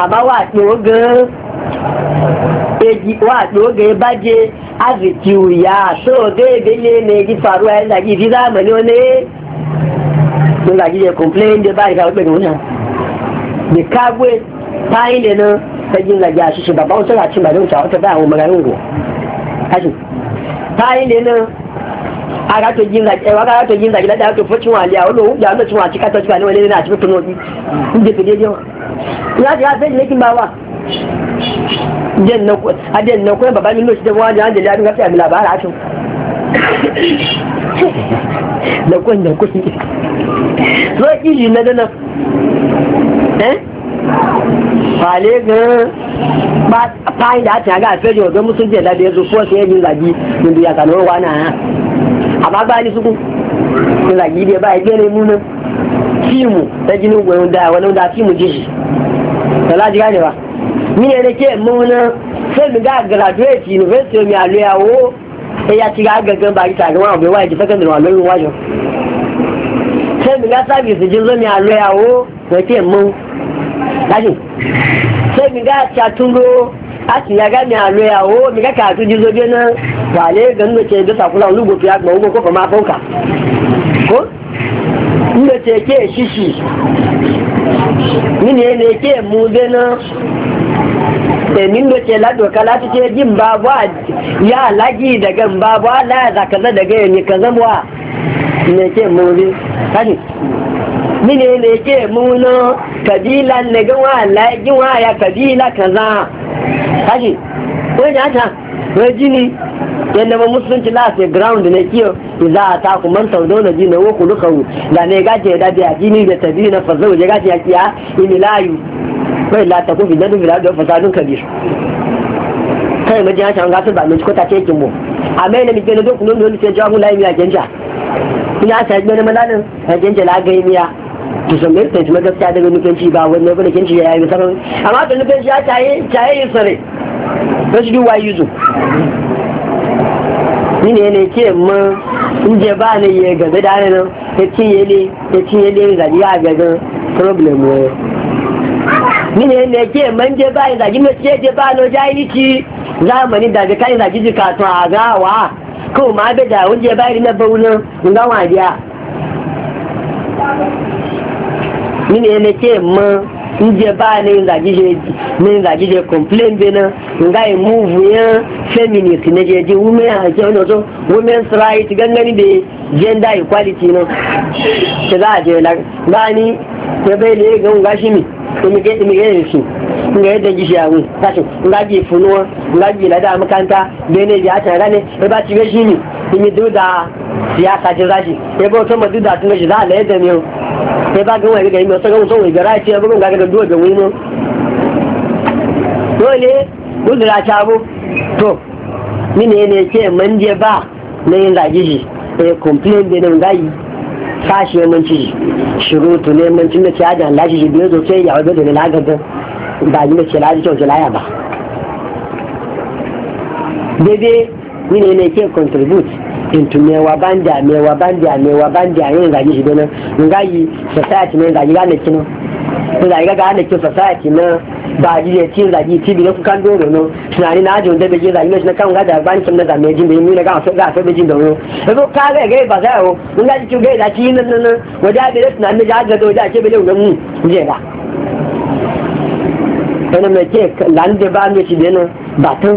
àbá wà tó gan èjì wà tó gan bá jẹ àzìkì òyà tó déédéé yé ní èjì faru ẹ làjì ìdílé àmọ́ ní ọlẹ ló làjì yẹ kọ̀m̀pléǹdé báyìí káwọn gbẹ̀dọ̀ náà nìkágbé táyì lẹ́nu ẹjì làjì àṣìṣe bàbá wọn sọ̀rọ̀ àti ìbàdí òṣà ọ̀tọ̀ bá àwọn ọmọdé ńgò káṣí táyì lẹ́nu ara jí ńlá ẹwà ara tó àlẹ́ àwọn olóhùn láti á fẹ́jì lékí máa wà adé nnọkọ bàbá mi ló ṣe tẹ́ wọ́n jẹ́ láti gáfẹ́ àmì làbá aṣọ nnọkọ nnọkọ yìí ló yìí na dáná ẹ́ gan-an páyìn láti àgá àfẹ́jọ ọ̀dọ́ mú sójú ẹ̀ lábẹ́ ẹ̀ fíìmù ẹjìnú wẹ̀rùn dáa wọn ló da ya a loya mi ka tu jizo bi na wale ke da sakula ugo kofa ma fauka ko inda ce ke shishi mini ne ke mu na domin e da ce ladoka lati ce jin babu ya lagi daga babu ala ya za kaza daga yanyi e kaza wa ne ke muri kani mine ne ke na kabila ne ga wa lagi wa ya kabila kaza kani ko ya ta wajini yadda ba musulunci la sai ground ne kiyo za a taku man taudo na ji na woku lukawu da ne gaje da ji ni da tabi na fazau je gaje ya kiya ini layu bai la ta kufi dadu bila da fasadun kabir kai ma ya shan gasu ba mun ko ta ce kin mu amma ne mi gele do kuno ne sai jamu layi mi a genja ina ta gbe ne malanin a genja la ga miya to san mai tantance gaskiya daga nufanci ba wannan ba da kinci ya yi sarar amma da nufanci ya caye yin sare rashin yi yuzu nínú ẹni tí ẹ mọ oúnjẹ bá lè yẹ gẹ̀gẹ́ dáná náà etí yẹ lé etí yẹ lé ìdàjí yá gẹ̀gẹ́ pírọ́blẹ̀mù ẹ̀. ne ẹni tí ẹ mọ oúnjẹ bá ìdàjí mọ tí ẹ jẹ bá lọ já ní ti záàmù ní ìdàjí ká ìdàjí Ka kà a àgá wà kó o máa bẹ̀dà oúnjẹ bá Ni bọ́wọ́ náà nígbà wọn nje ba ne nga jije ne nga jije complain be na nga e move ya feminist ne je je women ha je no so women's right gangani be gender equality no ke da je la ba ni ke be le ga nga shimi to mi ke mi ke shi nga yadda ji shi awu kace nga ji funuwa nga ji lada makanta be ne ya ta rane e ba ci be shimi mi duda siyasa ji e ba to ma duda tun ji da le da mi sai za ka wani ga yi masu gama gara ce bugun ga da duwa wani dole gudura ta bu to mine ne ke manje ba na yin zage shi eh, da nan gayi sashi ya manci ne manci da ke ajiyar lashi shi ya da ba da ke lashi kyau ke laya ba daidai mine ne ke contribute into mewa banda mewa banda mewa banda yin yi shi donan in gayi society ne zage ga nake kino in zage ga kino society na ba ji ya ci zage ci bi ku kan doro no tunani na ajon da beje zage na kan ga da ban kin na jin mejin da ni ga so ga so bejin da no so ka ga ga ba za o in ga ci ga da ci nan nan waja da tunani da ga do da ce bele ngan mu je ba kana me ke lan ba ne ci dena batun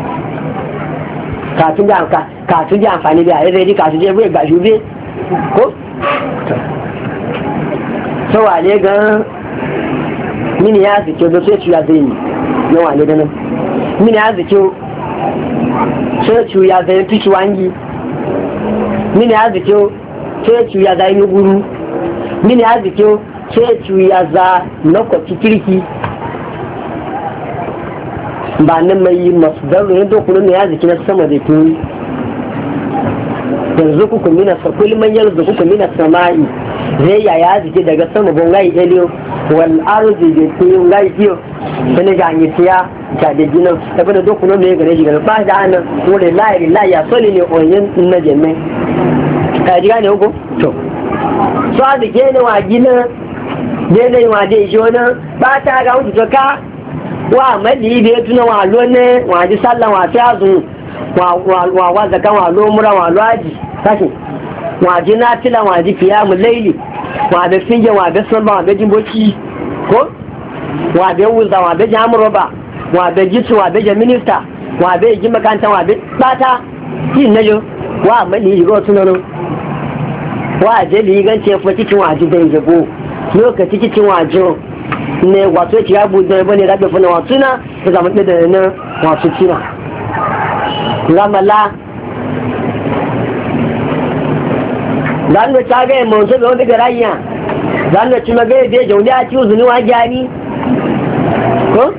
kàtún jẹ́ àǹkà kàtún jẹ́ àǹfààní bí àrẹ́rẹ́ ní kàtún jẹ́ bó ìgbà ṣú bí kó tó wà mini ya sì kí o ya bẹ́ẹ̀ ni yóò mini ya sì sai ya zai fi mini ya zikyo sai ya zai guru mini ya zikyo sai ya za na kwaci kirki ba nan mai yi masdar yadda kuma ne ya jiki na sama da tuni yanzu kuku mina sa kul man yanzu kuku mina sama'i zai ya ya jiki daga sama bon gai eliyo wal arzi da tuni gai kiyo sai ga ni tiya ga da jinan da bada do kuma ne gare shi ga ba da anan wala la ilaha ya soli ne oyin na jenne ka ji gane ko to so a dike ne wa gina dai dai wa dai jona ba ta ga wuce ka wa madi da ya tuna wa lo ne wa ji sallan wa ta azu wa wa zaka wa lo mura wa lo aji kashi wa ji na tila wa ji qiyamul layli wa da finge wa da sallan wa da jimboci ko wa da wuza wa da jamuroba wa da jitu wa da minista wa da ji makanta wa da bata yin yo wa madi ro tunano wa je ligan ce fa cikin wa ji da yabo lokaci cikin wa jo ne wato yake ya buɗe ba ne rabe fana wasu na ta zama ɗaya da nan wato kina ramala zan da ta gaya manzo da wani garayya zan da ci magana da ya jauni a ciwo zunuwa gyani ko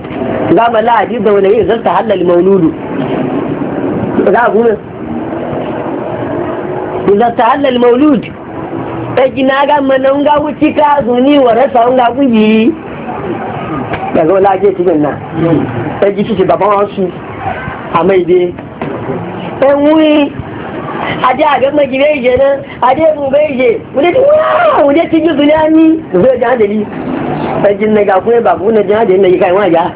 ramala a da wani yin zarta halal mauludu za a gune zarta halal mauludu ta gina ga manan ga wuci ka zuni wa rasa wani ga daga wani ake cikin nan ɗan ji cikin babban wasu a mai be ɗan wuri a ji a gama gire ije nan a ji mu bai ije wani ti wa wani ti ji zuniya ni zai hadari ɗan jin na gafu ne babu na ji hadari na yi kai waja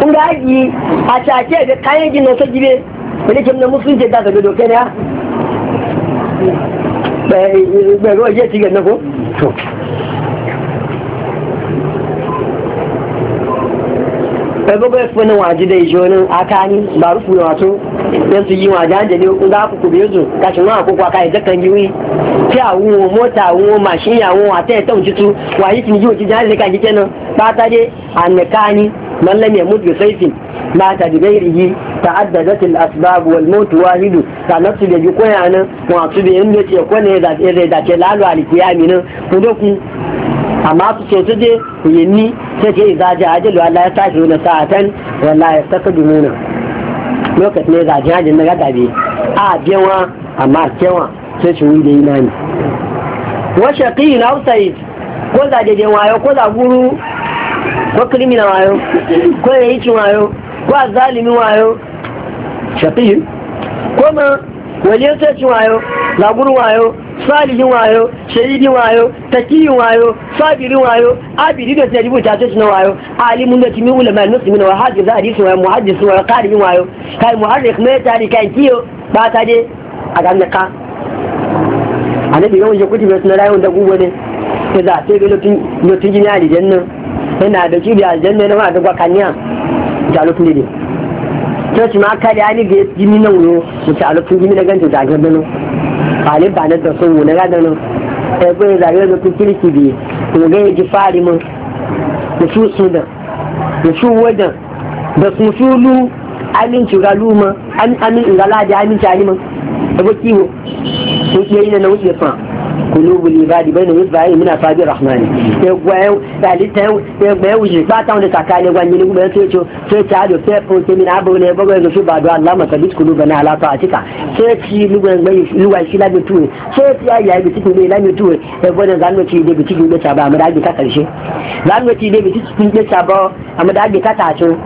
kun ga haji a cake ga kayan jin na sa gibe wani kim na musulunci da zaga doke na bai ruwa je cikin na ko ẹgbẹ́ bẹ́ẹ̀ fún náà àjídẹ́ ìṣọ́ ní akáni bàrúfù náà tó lẹ́sù yí wọn àjáǹjẹ́ ní okun dákùkù bí ó dùn kàṣì wọn àkókò aka ìdẹ́kan yìí wí tí àwọn mọ́tà àwọn màṣíìnì àwọn àtẹ́ẹ̀tẹ́hùn tuntun wà yìí tìǹjú mata da gairihi ta'addadat al-asbab wal maut wahidu ta nafsu da bi koyana wa su da yanda ce kone da ke eh, lalu al-qiyami nan ku amma su ce su je ku yi ni sai ce za ji ajiyar wala ya tashi wani sa'atan ya saka dumuna lokacin ne za ji hajin na gada biyu a biyanwa amma kewa sai shi wuyi da yi nani wa shaqiyin outside ko za je wayo ko za guru ko kirimina wayo ko yayi wayo ko zalimi wayo shaqiyin ko ma waliyar sai ci wayo za guru wayo salihin wayo shahidin wayo takiyin wayo sabirin wayo abidi da ta rubuta ta na wayo alimun da timi ulama muslimin wa hadisi hadis wa muhaddis wa qari'in wayo kai muharrik mai tari kai kiyo ba ta je a ganin ka annabi yawan ya kudi na rayuwar da gugu ne ta za ta ga lutun lutun jini aljanna yana da kibi aljanna na ma da gwakaniya jalutun ne ta ci ma kare ani ga jini nan wuyo mutu alutun jini na ganta da gaba halin ba na da sun na gada nan ebe zage da kun kirki biye kuma ga yaji fari mun da su su da da su wadan da su sulu aminci ga luma amin ga ladi aminci aliman ebe kiwo sun kiyayi na wuce fa kulubul ibadi bayna yusbahi min afadi rahman e gwayo dalita e gwayo wuji ba ta wanda gbe do min abu ne ba do Allah ala ta atika ci shi tuwe bi cikin ne tuwe e ta ba mu da ta karshe ta ba amma da ake ta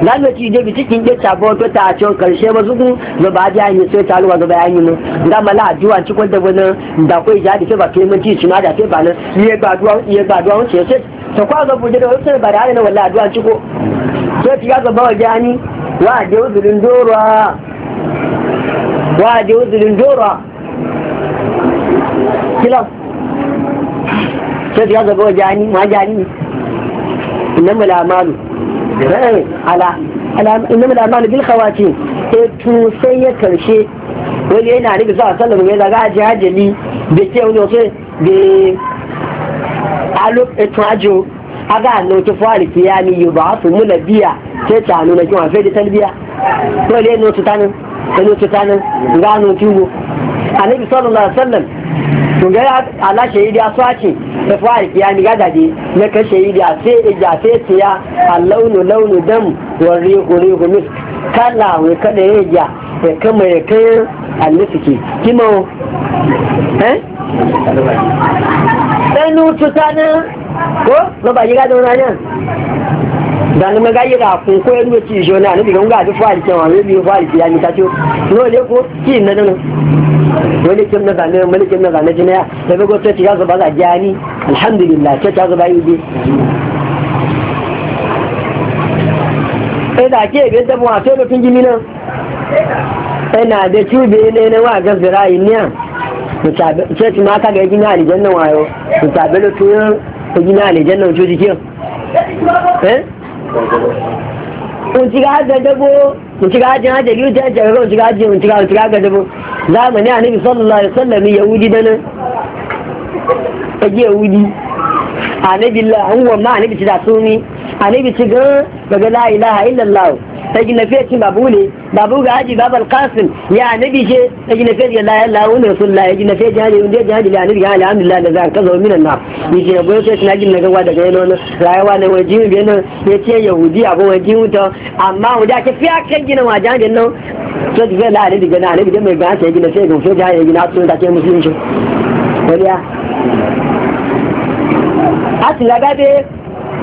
dan da ci je bi cikin je tabo to ta ce karshe ba zugu ba ba ji an yi sai ta ruwa ga bayani mu da mala addu'a ci ko da wani da koi ja da ba kai mun ci ci ma da sai ba nan iye ba addu'a iye ba addu'a ce sai ta kwa ga buje da wasu ba da ne wallahi addu'a ci ko sai ti ga ga ba jani wa je uzurin dora wa je uzurin dora kila sai ti ga ga ba jani ma jani mala malu ala innamal bil eh, to sai ya karshe wani yana nabi sallallahu alaihi ya aji hajjali da ke wani wasu eh, da eto ajo aga ta nuna da talbiya wani sallallahu alaihi wasallam tunga ya ala shahidi a swace da fara kiya ni gada de na ka shahidi a sai ija sai tiya a launu launu dam wani rihu rihu kala wai kada ya ja ya kama ya kai annifiki o eh dan nutu sana ko ba ba yi gada wani dan mun ga yira kun ko yaro ci jo na ni ga ji fari kewa ne bi fari ya ni ta ce no le ko ki na nan wani kim na zane wani kim na zane jinaya da bai gwata ci ya zuba za jani alhamdulillah ce ta zuba yi bi sai da ke bin tabu a sai lokacin gimi nan ina da cube ne na wa ga zirayi ne ce ci ma ka ga gina alijanna wayo mutabe lokacin gina alijanna wajen jikin eh unciga ga dabo unciga ga hajji biyu ta jaga unciga hajji unciga unciga zamani a nabi sallallahu alaihi wasallam yahudi da nan yahudi a nabi Allah an wa ma nabi ci da suni a nabi ci ga daga la ilaha illallah ta gina fiye babu ne babu ga haji babal kasim ya annabi ce ta gina fiye la ilaha illa rasulullah ya gina fiye jihadi inda jihadi da annabi ya alhamdulillah da zan kazo minan na ni ce goyo sai na gawa rayuwa biyan ya ce yahudi abu wai jini ta amma wanda ke fiya kan gina wa nan da la annabi gina annabi da mai gasa ya gina fiye ga fiye ya sun musulunci a tilaga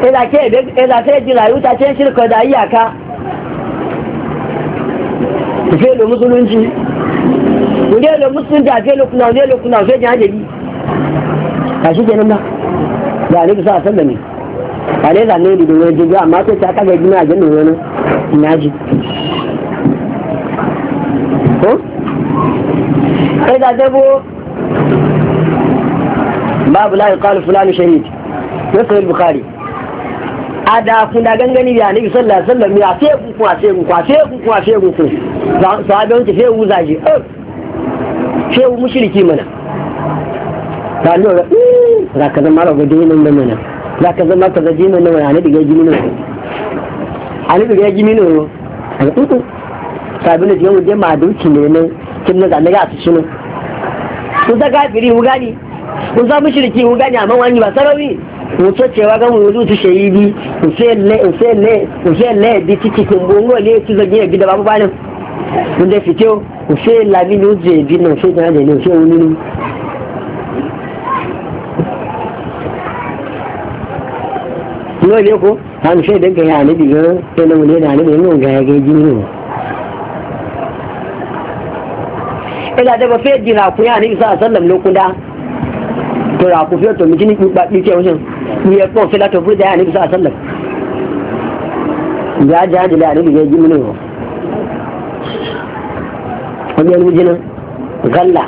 ila ke ila ce shirka da iyaka ìfẹ́ lè mùsùlùmí ìdí èlò mùsùlùmí àti èlòkùnà òní èlòkùnà òfẹ́ jẹ́ àjẹ́ yìí àṣìjẹ́ nígbà bí àlejò sọ àṣẹ mẹ́ni àlejò àná ìdìbò wọn jẹjọ àmọ́ àti ìta kájẹ jìnnà àjẹ́ mi wọn ìnájì. ẹ̀dà dẹ́gbó báàbù láì kọ́lù fúlàní ṣẹ́yìn ló sọ ìbùkárì ada kuna gangani da annabi sallallahu alaihi wasallam ya sai ku kwa sai ku kwa sai ku kwa sai ku sahabban ki sai wuza zaje sai mu mushriki mana ta lura hmm, za ka zama rago dinin nan mana za ka zama ka nan mana wani annabi ga jimino annabi ga jimino alƙuƙu sabina da yau da ma duki ne nan kin na zanne ga su shinu ku za gafiri ku gani ku za mushriki ku gani amma wani ba sarawi wòtó tẹ̀wá gan wòye lóòtú ṣe yí bí òfé lẹ́ẹ̀bí títí kòmbó ń wọlé tí lọ jẹ́ ẹ̀bí dàbà bá náà mo dẹ̀ fìtí ó òfé làbí ló jẹ́ ẹ̀bí náà òfé gan jẹ̀ ní òfé òun nínú. ní wọ́n lé kó àwọn òfé ìdẹ́gbẹ̀ yà níbi gan tẹ́lẹ̀ wọlé náà níbi inú ọ̀gá ẹ̀gẹ́ jí nínú. ẹ̀dá dẹ́gbẹ̀ fẹ́ẹ́ dìrà àkúnyà ní ìsọ̀ lokuda. to ya ku fiye to mu jini ba ɗi ke wajen ni ya ko fila to buɗe ya bisa sallar ya ji da ne ji mini ko. wani yanzu jinin galla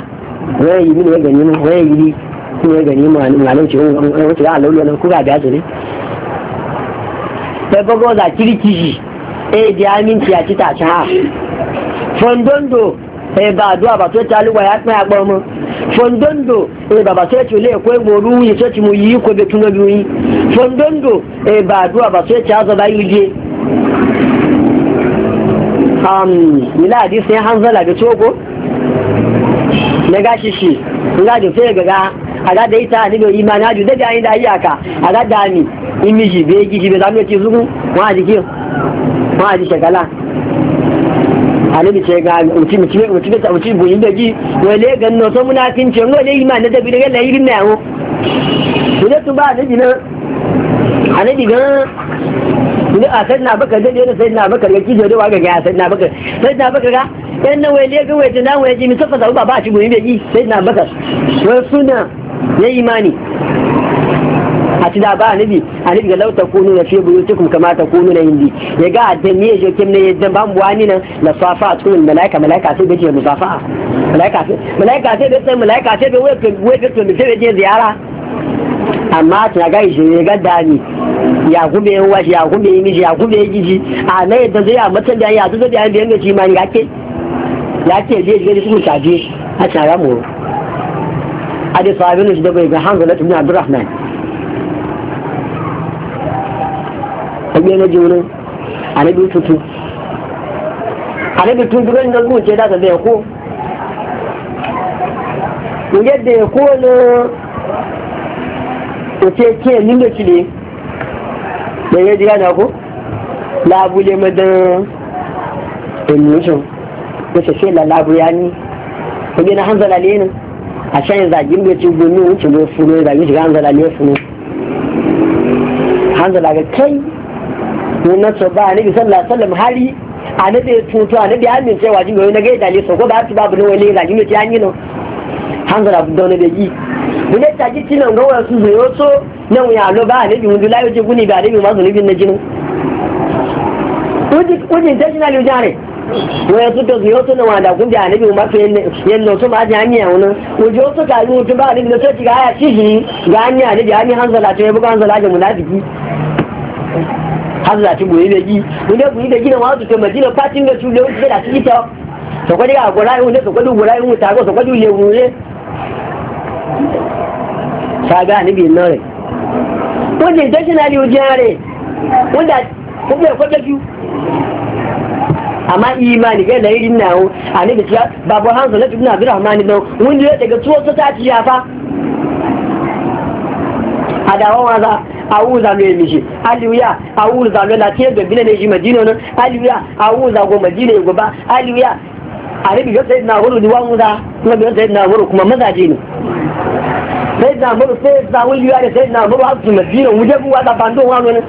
wani yi mini ya gani mu wani yi kuma ya gani mu a nan ce wani ya kuka biya su ne ɗaya bago za kirki e eh da ci a ci ta ci fondondo e ba addu'a ba sai ya tsaya ba mu fondondo e ba ba sai tule ko mo ruwi sai mu yi ko be tuno ruwi fondondo e ba addu'a ba sai ta za ba yuje um ila hadisi hanzala da toko na gashi shi nga da sai ga aga imiji be annabi ce ga uci muci uci buyin da ji wale gan no muna munafin ce ngo yi ma daga a sai na baka dade ne sai na baka ga da waga ga sai na baka sai na baka ga wale ga wai wai ji mi safa ba a shi buyin da na baka wai a ti da ba a nabi ga lauta kunu na fi cikin kama ta kunu na hindi ya ga dan ya jokin na yadda ban buwani nan na safa a cikin malaika malaika sai gaje musafa malaika sai malaika sai da san malaika sai da wai wai da to sai je ziyara amma ta ga shi ya ga dani ya gume wa shi ya gume miji ya gume giji a na yadda zai a matan da ya zuzo da ya biyan shi ma ni ke ya ce zai zai su taje a tsara mu a da shi da bai ga na ibn abdurrahman ẹgbẹ́ méjì wọn àníbi tuntun àníbi tuntun lónìí ce da jẹ́ dáadáa bẹ́ẹ̀ kó ǹjẹ́ bẹ́ẹ̀ kó ní òtí ẹtí ẹ̀ nílò sí lè gbẹ̀yẹ́ di lánàá kó láàbùlé mẹ́dán ènìyàn sùn ó sì ṣe là láàbùlé hanzala lé nu àṣà ìzàgí ń bẹ ti gbóni òun ti lè hanzala ne funu hanzala sunan su ba annabi sallallahu alaihi wasallam hari annabi ya tuto annabi ya amince wa jin na gaida ne so ko ba su babu ne wani zagi ne tiyan yino hangara da wani da yi mun ta ji tinan ga wasu su yo so nan ya lo ba annabi mun dulayo je guni ba annabi masu nubin na jinin uji uji intentional uji are wọ́n tún tó yóò tún wọn àdàkùn bí àníbi wọn bá fi yẹn lọ tó máa di àmì ẹ̀hún náà òjò tó kà lóhun tó na àníbi lọ tó ti ká àyà sísì gà á ní àníbi àmì hanzọlá tó yẹ bó hanzọlá jẹmọ láti azza ti boye da gi mun da boye da gi na ma su ta madina fatin da su da wuce da su ta to kwadi ga gora yau ne to kwadi gora yau ta go to kwadi le mu ne saga ni bi nore ko je na liu jare wanda ko be ko ju amma imani ga dai rin nawo ani da ciya babu hanzo na ibn abdurrahman da wanda ya daga tuwo ta ta ciya fa adawa wa za awuza lo emiji aliuya awuza lo lati ebe bile ne ji madina nan aliuya awuza go madina go ba aliuya are bi sai na wuru ni wa muda kuma bi sai na wuru kuma mazaje ne sai na wuru sai na wuru ya sai na wuru har su madina wuje buwa da bando wa ne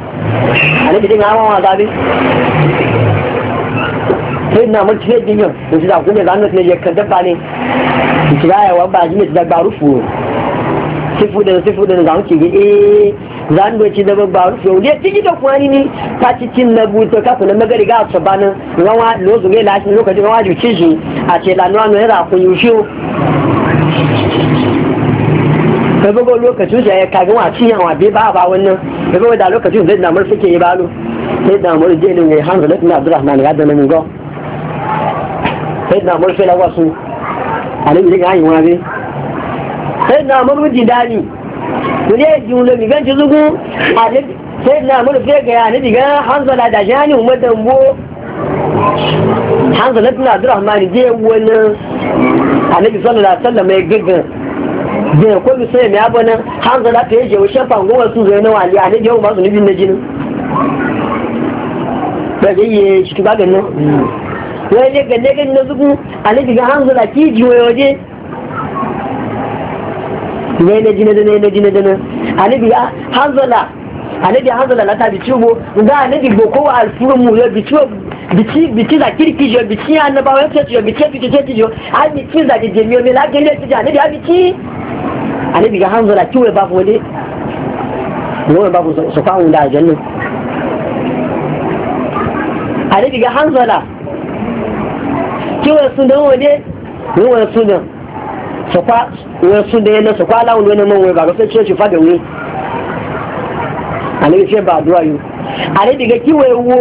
are bi dinga wa wa da bi sai na wuru sai dinga to shi da kuma zanu ne ya kan dabba ne kira ya wa ba ji ne da garufu sifu da sifu da zanu ci eh zan doci da babba so ne tiki da kwani ni ta ci cin na ka kuma magari ga su bana rawa lozu ne lashi lokaci rawa ci a ce la ne ku ka bugo lokacin da ya wa ci ba ba wannan ka da da suke yi balo sai da je ne hanzu abdurrahman da mun ga sai da sai la wasu alin ga sai da ji dani kule jumla mi ganci zugu a sai na mun fe ga yana diga hanzala da jani umar Hanzala mbo hanzala tana abdurrahman je wani annabi sallallahu alaihi wasallam ya gaggan je ko mi sai mi abana hanzala ta yi wa shafa gowar su zai na wali annabi yau masu su nubin na jinin ba zai yi shi ba ganin Wani ne ga ne ga na zugu annabi ga hanzala ki jiwo waje ne na jina dana na jina dana anabi hanzala anabi hanzala lata bi cibo ga anabi boko wa alfuru mu ya bi cibo bici bici za kirki jo bici annabawa ya ce jo bici bici ce jo a bici za je jemiyo me la gele ce anabi a bici anabi ga hanzala ciwo ba ko ne ne ba ko so fa da jannu anabi ga hanzala ciwo sun da wode ne wa sunan sọ̀pá wọn sún dé lọ sọ̀pá aláwọn olóyún mọ́ wọn bàbá fẹ́ tí ó ṣe fàgẹ̀ wé àlejò fẹ́ bá àdúrà yìí àlejò kí wọ́n ewu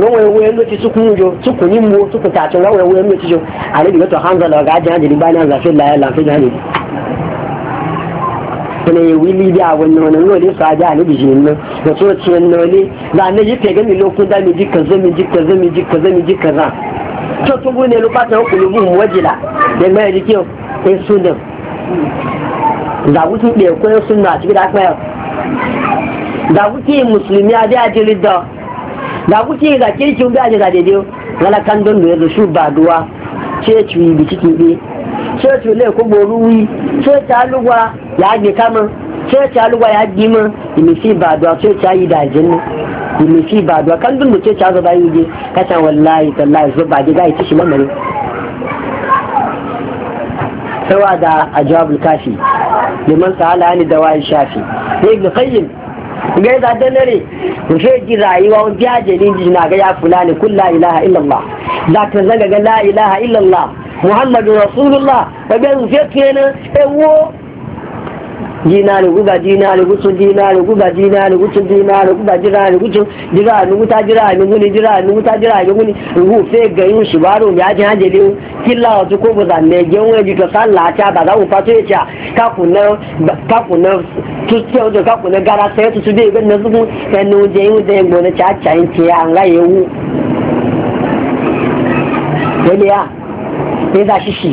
lọ́wọ́ ewu ẹnu ti sukùn yọ sukùn ní mu sukùn tà tún lọ́wọ́ ewu ẹnu ti yọ àlejò tó hàn zọlọ ọ̀gá jẹ́ àjẹ́ nígbà náà làfẹ́ láyé làfẹ́ náà nìyí. kuna yi wili bi abin nan wani lori su aji alibi shi nan da so ci yan lori da ne ji fe gami lokun da mi ji kaza mi ji kaza mi ji kaza mi ji kaza mu wajila da mai jikin ko sunan da wuce ɗaya ko sunna cikin da kwayar da wuce musulmi a da ajiyar da da kuke ga kirkin da ajiyar wala kan don da ya zushu ba duwa ce cuyi bi ciki bi. ce cuyi ne ko wi ce ta lugwa ya ji kama ce ta lugwa ya ji ma imisi ba duwa ce ta yi da ajiyar imisi ba duwa kan don da ce ta zaba yi ji kasan wallahi tallahi zuba ga ya ci shi mamari سوى دا أجواب الكافي لمن سأل عن الدواء الشافي ابن القيم gai za dan dare ku sai ji rayuwa wani jajiri ji na ga ya fulani kun la ilaha illallah za ka zaga ga la ilaha illallah muhammadu rasulullah ga ga sai kenan ewo dinari guga dinari gutu dinari guga dinari gutu. dinari guga dinari gutsun jira ni wuta jira ni guni jira ni jira ni guni ngu fe ga shi baro ya ji haje de killa wasu ko ba ne gen ba za ka kunna ka kunna tu ce ka kunna gara sai tu su de na zubu kan no je yin de gona cha cha yin ti an ga yewu ya da shi shi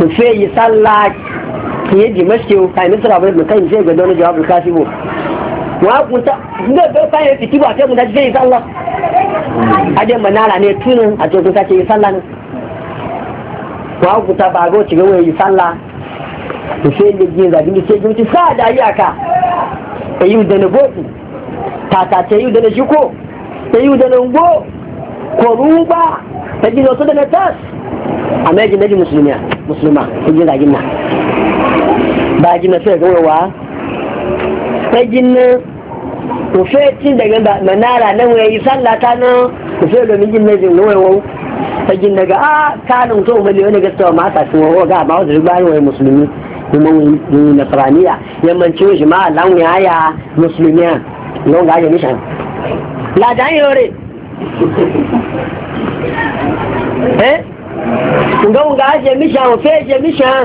ku fe yi ya ji mashi yau kai misra bai mun kai sai ga don jawabul bu? wa ku ta da da kai ya tiki ba ta mun da sai sallah aje manara ne tunin a to ta ce sallah ne wa ku ta ba go ciga wai sallah to sai da ji da ni sai ji sa da ka ayu da na goku ta ta ce ayu da ne shiko ayu da ne go ko ruba ta ji da ta da na tas ji na musulmiya musulma ku ji da ginna ba ji na sai gawawa ta ginin rufe cin daga manara nan ya yi sallata nan rufe domin gin najin gawawa ta gin daga a ah, kanin to mai wani gaskiya ma ta sun wawa ga ma wasu ribani wai musulmi kuma wani nasaraniya yammanci shi ma launi haya musulmiya don ga ajiyar nishan ladan yore eh nga ga ajiyar nishan fe ajiyar nishan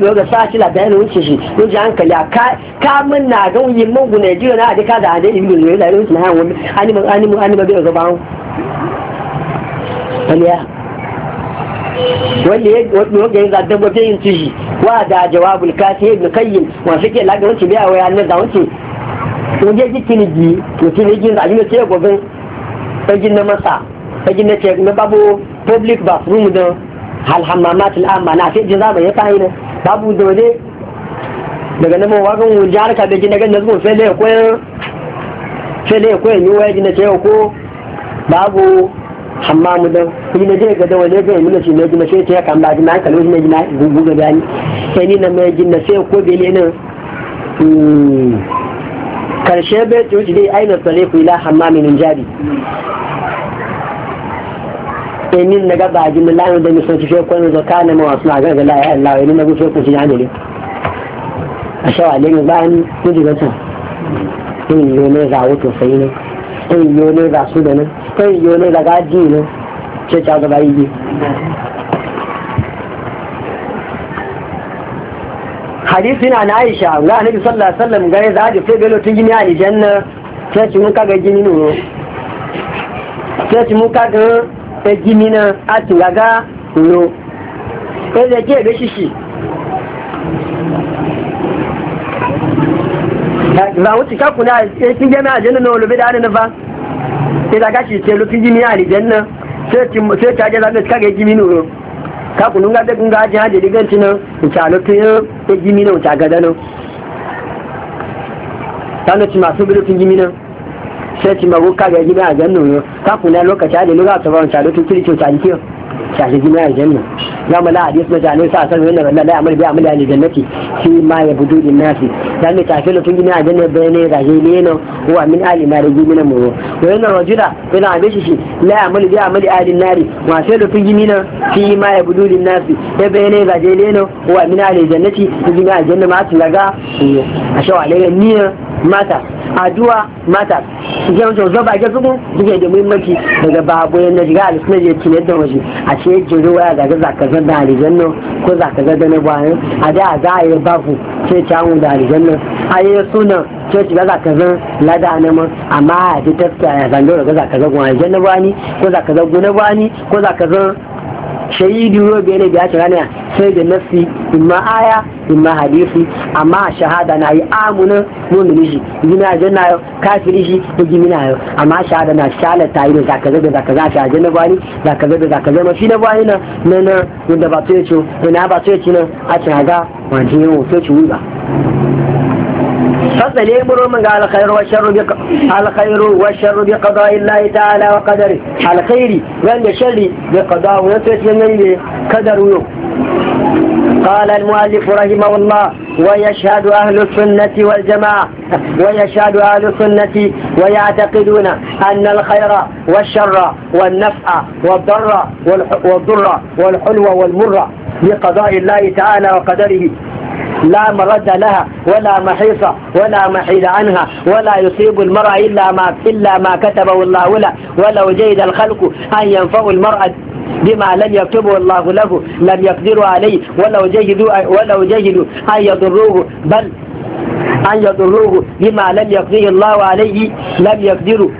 yau da sa shi labarai da wuce shi yau ji hankali a ka min na ga wuyi mungu na jiyo na a dika da hannun ibn zuwa da wuce na hannun wani animal animal animal bai gaba hau waliya wanda ya ya ba yin wa da jawabul kasi ibn kayyim masu ke laga wuce da wuce wanda ya ji tinigi to tinigi da abin ce gobe ɗagin na masa ɗagin na ce na babu public bathroom don halhammamatul amma na sai jin zamani ya kayi ne babu da wane daga nan mawa kan wunji harka da gina ganin zuwa fele koyan fele koyan yi waya gina cewa ko babu mu da kuma na je ga da wane zai mun shi mai gina sai ta kan na gina lo shi na gina gugu ga gani sai ni na mai gina sai ko bele nan hmm, karshe bai tuci dai ainihin tsare ku ila hammamin jabi emin na gaba a jimin lamun da misan su shekwan da kana mawa suna ga ga la'ayi Allah wani na gushe ku shi ya ne a shawa ne mai bayan kuji ga in yi ne za wuto sai ne in yi ne za su da nan in yi ne za ji ne ce ta gaba yi hadisi na na aisha ga annabi sallallahu alaihi wasallam ga ya zaje sai belo tun gini aljanna sai mun kaga gini ne sai mun kaga ẹjimi náà a ti lo ẹlẹ́ jẹ́ ìwé ṣíṣì ba wuce ka jami aljanna na wani bida na ba sai da gashi ce lufin jini a aljanna sai ta ga zaga ka ga jini nuro sai ci mago ka ga gida a jannu ne ka kuna lokaci da lura ta bawon talo tun kirkin ta alkiyo ta gina a jannu za mu la hadis na talo sa san wannan wallahi mulbi a amal ali jannati shi ma ya budu din nasi dan ne ta kilo gina a jannu bayane da je ne no wa min ali na da na mu wa yana rajira yana abin shi la amal bi amal ali nari wa sai lokacin gini na shi ma ya budu din nasi ya bayane da je ne no wa min ali jannati tun a jannu ma tulaga a shawale ne mata addu'a mata yau zo zo ba ga gugu duke da muhimmanci daga babu yana shiga alisna je cinye da waje a ce jiri waya ga ga zaka zanda alijanno ko zaka da na bayan a da za a yi babu ce cawo da alijanno a yi sunan ce shiga zaka zan lada na mun amma a ji tafiya ya zando daga zaka zagun alijanno ko zaka zagun na bani ko zaka zan shahidi ruwa bai ne biya tunaniya sai da nafsi imma aya imma hadisi amma shahada na yi amunan mumini shi gina janna yau kafiri shi gimi na yau amma shahada na shalar ta yi da zaka zaga zaka za shi na bani zaka zaga zaka zama shi na bani na na na wanda ba to ya ce ina ba to ya ce nan a cin haga wajen yawon to ci wuba فصل يمر من قال خير وشر بق... خير وشر بقضاء الله تعالى وقدره على خير وان شر بقضاء من قدر قال المؤلف رحمه الله ويشهد أهل السنة والجماعة ويشهد أهل السنة ويعتقدون أن الخير والشر والنفع والضر والضر والحلو والمر بقضاء الله تعالى وقدره لا مرد لها ولا محيص ولا محيد عنها ولا يصيب المرأة إلا ما إلا ما كتبه الله له ولو جيد الخلق أن ينفعوا المرأة بما لم يكتبه الله له لم يقدروا عليه ولو جهدوا ولو جهدوا أن يضروه بل أن يضروه بما لم يقضيه الله عليه لم يقدروا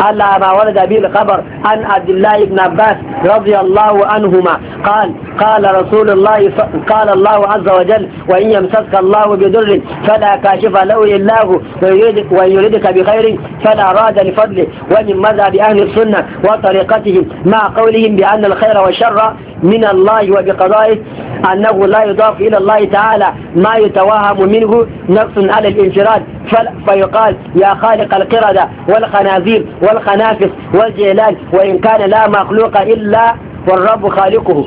على ما ورد به الخبر عن عبد الله بن عباس رضي الله عنهما قال قال رسول الله ف... قال الله عز وجل وإن يمسك الله بضر فلا كاشف له إلا هو وإن يريدك بخير فلا راد لفضله ومن مذهب أهل السنة وطريقتهم مع قولهم بأن الخير والشر من الله وبقضائه أنه لا يضاف إلى الله تعالى ما يتوهم منه نقص على الانفراد فل... فيقال يا خالق القردة والخنازير والباطل والخنافس والجهلان وإن كان لا مخلوق إلا والرب خالقه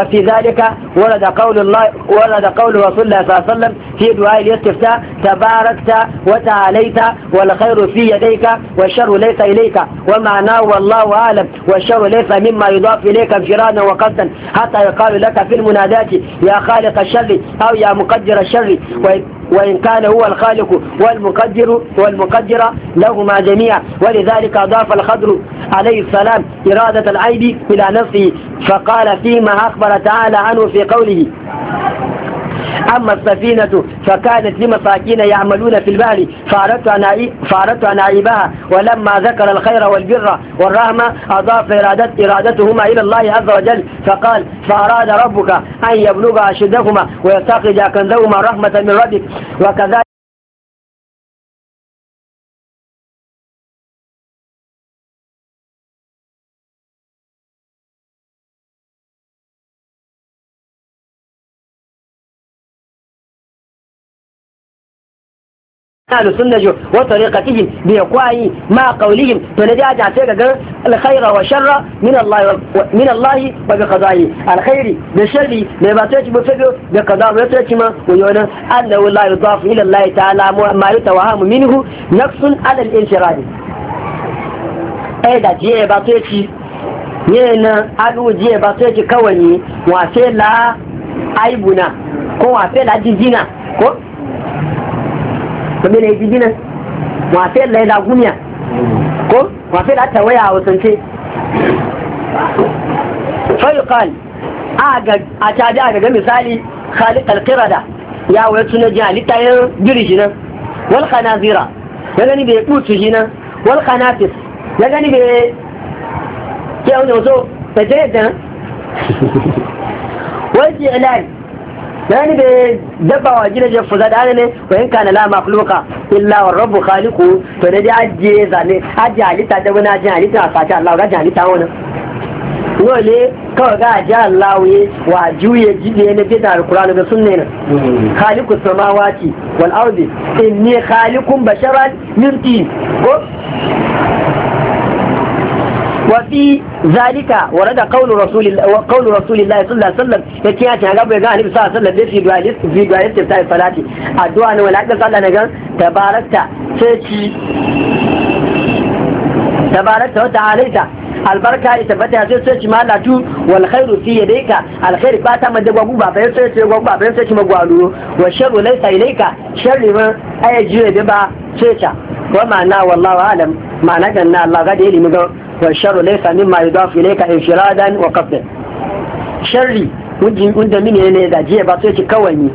وفي ذلك ورد قول الله ورد قول رسول الله صلى الله عليه وسلم في دعاء الاستفتاء تباركت وتعاليت والخير في يديك والشر ليس اليك ومعناه والله اعلم والشر ليس مما يضاف اليك انفرادا وقصدا حتى يقال لك في المنادات يا خالق الشر او يا مقدر الشر وإن كان هو الخالق والمقدر والمقدرة لهما جميعا ولذلك أضاف الخضر عليه السلام إرادة العيب إلى نفسه فقال فيما أخبر تعالى عنه في قوله أما السفينة فكانت لمساكين يعملون في البحر فأردت أن أعيبها ولما ذكر الخير والبر والرحمة أضاف إرادت إرادتهما إلى الله عز وجل فقال فأراد ربك أن يبلغ أشدهما ويستخرج كنزهما رحمة من ربك وكذلك kanu sun da jo wata rika tijin bi ya kwayi ma kaulihim to na jaja sai ga gan alkhaira wa sharra min Allah wa bi kazayi alkhairi da sharri ne ba ta ci ba fado da kaza ba ta ci ma wa yawanin annahu la yudafu ila Allah ta'ala ma yutawahamu minhu nafsun ala al-insirabi ai da je ba ta ci ne na alu je ba ta ci kawai wa la aibuna ko wa la jijina ko kuma ne ji gina wafe lai da guniya ko wafe da ta waya a wasance fayuqal a caji a daga misali khaliq da ya waya tuna ji halitta yin shi nan wal khanazira ya gani bai kutu shi nan wal khanafis ya gani bai ke wani wato ta jayar da nan wal ji'lani yani da dabba wa gina je fuza da ne ko in kana la makhluqa illa wa rabbu khaliqu to da dai aje zane aje halitta da wani aje halitta a sace Allah ga halitta wani dole kawai ga aje Allah waye wa juye jibe ne bi da alquran da sunna ne hmm. khaliqu samawati wal ardi inni khaliqun basharan min tin ko وفي ذلك ورد قول رسول قول رسول الله صلى الله عليه وسلم يتي يا تنغا بيغا النبي صلى الله عليه وسلم في دعاء في دعاء استفتاء الصلاه الدعاء ولا قال الله نغا تباركت تباركت albarka ya tabbata ya sai ci malatu wal khairu fi yadayka al khair ba ta madda gwagu ba bayan sai ci gwagu ba sai ci magwalu wa sharru laysa ilayka sharri ma da ba sai ta wa ma'ana wallahu alam ma'ana ganna Allah ga da ilimi ga wa sharru laysa mimma yudafu ilayka infiradan wa qasdan sharri wujin unda mine ne da jiya ba sai ci kawai ni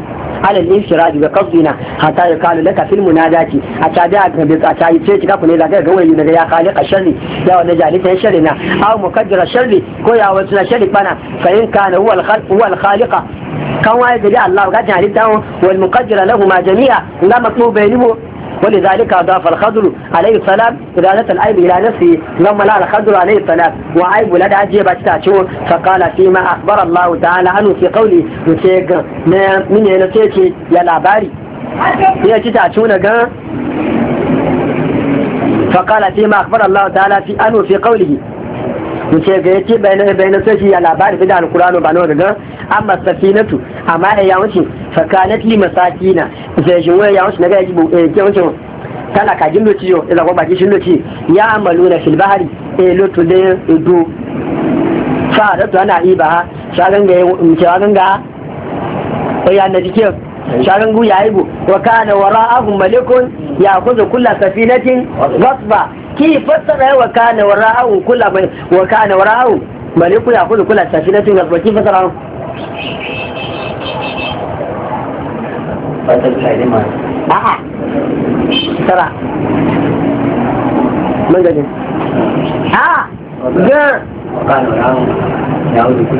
alal infirad ga qasdina hatta ya laka fil munadati a ta da ga a ta yi sai ci kafu ne da ga wani daga ya khaliqa sharri ya wani jalita sharri na aw mukaddira sharri ko ya wani sharri bana fa in kana huwa al khaliqa kan waye da Allah ga jalita wal muqaddira lahu ma jami'a la matluba lahu ولذلك أضاف الخضر عليه السلام إرادة العيب إلى نفسه لما لا الخضر عليه السلام وعيب ولد أجيب أجتاته فقال فيما أخبر الله تعالى عنه في قوله نسيق من ينسيك يا لاباري هي تتعشون فقال فيما أخبر الله تعالى في أنه في قوله in ce ga yake bayanan sai shi ya labari da alkurano ba nawa daga amma safinatu amma ai ya wuce fakanat li masakina zai shi waya ya wuce daga yaji ke eh, wuce tana ka jin lokaci yo idan baki shi loci ya amalu na fil bahari a eh, lotu da do fa da to ana iba shagan ga shagan ga ya na dike shagan gu ya ibo wa kana wara'ahum malikun ya'khudhu kula safinatin wasba كي فسر وكان وراءه كل وكان وراءه ملك ياخذ كل الشاشينات من البيت كيف فسره؟ آه. ترى من قال ها آه. ها وكان وراءه يعود كل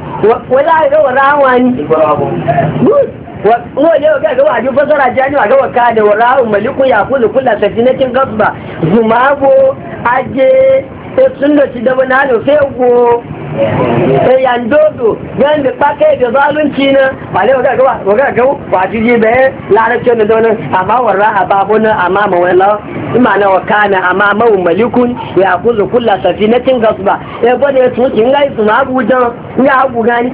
wala ga rawa ni wa ne ga ga wajen fasara jani ga waka da rawa maliku ya kullu kullu sajinatin gasba zumabo aje sun da ci da wani hannu sai go sai yandodo yan da kake da zalunci na ba ne ga gaba ga ga ba ji ji be lalacin da don amma warra ababuna amma ima na wa kana amma mawu malikun ya kuzu kullu safinatin gasba e bane su kin gai su ma gudan ya abu gani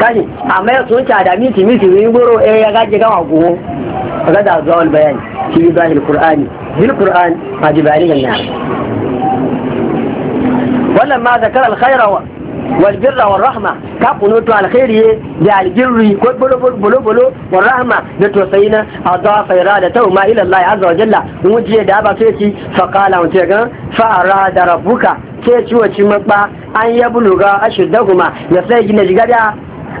kani amma ya sun ta da miti miti ne goro e ya gaje ga wago ga da zawal bayani shi zahil qur'ani bil qur'an ma jibali ganna wannan ma zakar alkhaira wal birra wal rahma ka to alkhairi da aljirri ko bolo bolo wal rahma da to sayina na adafa irada ta ma ila Allah azza wa jalla mujiye da ba sai ci fa qala mun ce ga fa arada rabbuka sai ci mabba an yabluga ashiddahuma ya sai gina jigada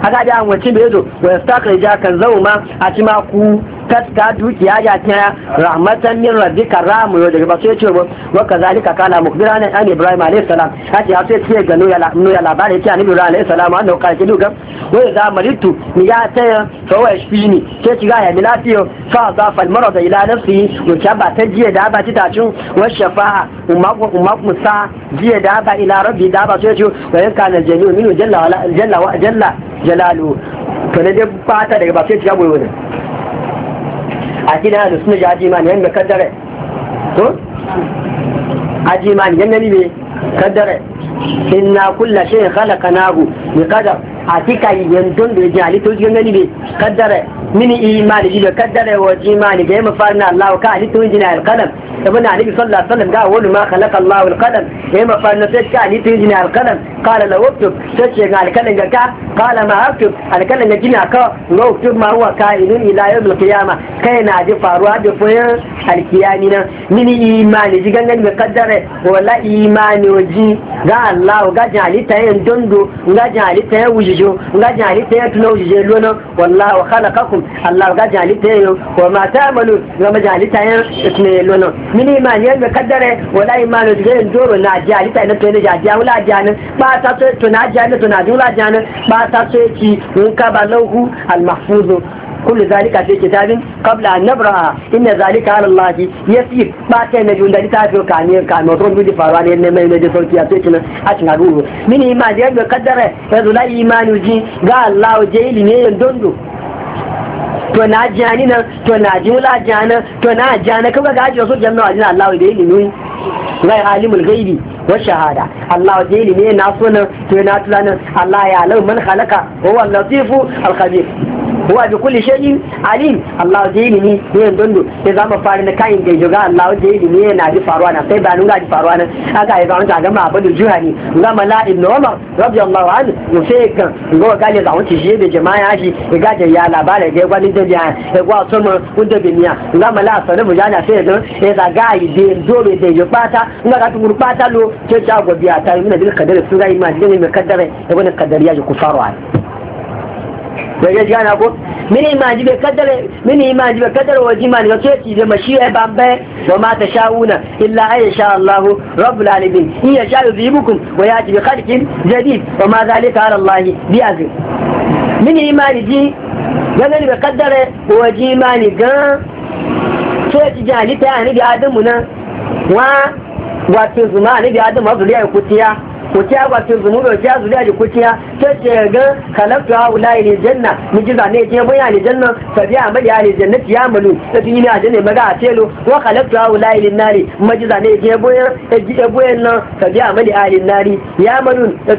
aga da an wace wa yastakhrija kan zauma a ci ma ku katka dukiya ya ta rahmatan min rabbika ramu yo daga basu ya ce wa kazalika kana mukbira ne an ibrahim alayhi salam hace a sai ce ga noya la bare ce annabi ibrahim alayhi salam an kana ki duka wa da malitu ni ya ta fa wa shini ce ki ga ya milafiyo fa za fal marada ila nafsi wa ta ba ta jiya da ba ci ta cin wa shafa'a umma ko umma musa jiya da ba ila rabbi da ba sai ce wa yanka na jami'u minu jalla jalla jalla jalalu to ne ba ta daga ba sai ci ga boye ne akida ahlus sunna ja ajimani yan kaddare to ajimani yan ne kaddare inna kulla shay'in khalaqnahu bi qadar hakika yin don da yaji halittu cikin gani ne kaddara mini imani jibe kaddara wa imani ga yi mafarin Allah ka halittu jina alkalam ibn ali sallallahu alaihi wasallam ga wani ma khalaqa Allah alkalam ga yi mafarin sai ka halittu jina alkalam qala la waktub sai ce ga alkalam ga ka qala ma aktub alkalam ga jina ka ga waktub ma huwa kainun ila yawm alqiyama kai na ji faruwa da foyan alkiyami nan mini imani ji gangan ga kaddara wala imani waji ga Allah ga jin halitta yin dondo ga jin halitta yin wuji jijo nga jin halitta ya tuno jije lona wallahi wa khalaqakum Allah ga jin halitta ya wa ma ta'malu ga ma jin halitta ya tuno ya lona mini ma ne ga kaddare wala imanu ga yin doro na ji halitta na tuno ja ja wala ja nan ba ta so to na ja na to na dula ja nan ba ta so ki mun ka ba lahu al mahfuzu kullu zalika fi kitabin qabla an nabra'a inna zalika ala Allah yasir ba ta ne junda ta fi ka ne ka no to bi da sauki a ce kina a cin haru mini imani ya ga kaddara ya zula imani ji ga Allah je ili ne dondo to na jani nan to na jula jana to na jana kaga ga Allah da ilimi gai wa shahada Allah na so nan to na tulana Allah ya lau man khalaqa huwa al-latifu al-khabir huwa bi kulli shay'in alim Allah da ilimi ne dondo ya zama fara na kayan gaijo joga Allah da ilimi ne na ji faruwa na sai bayanin ga ji faruwa na aka yi zaunta ga ma'abudu juhani ga mala ibn Umar radiyallahu anhu mu sai kan ga ga zaunta shi da jama'a shi ga ga ya labara ga gwani da ya ga to mu wanda bi niya ga mala sanu mu sai da sai da ga yi da dole da ya bata ga ga mu bata lo ce ta gobiya ta yi na da kadar su ga imani ne mai kadare da wani kadariya ku faruwa waje jana ko mini ma jibe kadare mini ma jibe kadare waje ma ga keci da mashi'a bambe wa ma ta sha'una illa ay sha Allah rabbul alamin in ya sha yuzibukum wa yati bi khalqin jadid wa ma zalika ala Allah bi aziz mini ma ji gaga ni be kadare waje ma ni ga keci jani ta ni bi adamu na wa wato zuma ni bi adamu zuriya kutiya wuce ya gwacin zumu wuce ya zuriya kuciya ta ce ga kalabtu ha wula ne janna mu ji zane ke mun ya ne janna a mali ya ne janna ya malu ta a janne maga a telo wa wula ne nari mu ji zane ke boyan ta boyan nan a mali ya ne nari ya malu ta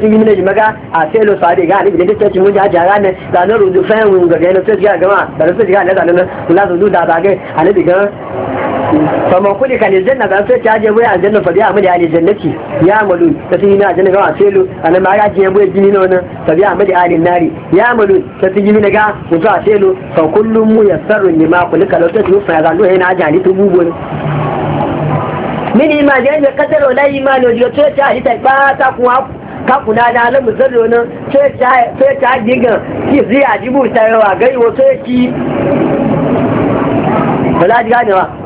maga a telo sabi ga ne ta ce mun ja jara da na rudu fayin ga ga ne ta ga gama da ta ga ne da na kula da ga ne faman kuli kan aljanna da sai ta je waya aljanna fa biya amali aljannati ya amalu ta tini na aljanna ga a anan ma ya je waya jini non fa biya amali alin nari ya amalu ta tini na ga mutu aselu fa kullum mu yasarru lima kuli kan ta tufa ya zalo min ne ta hita ba ta kakuna na alamu zarro nan sai ta gigan ki ziya jibu ta yawa wato ya ki bala ji ganewa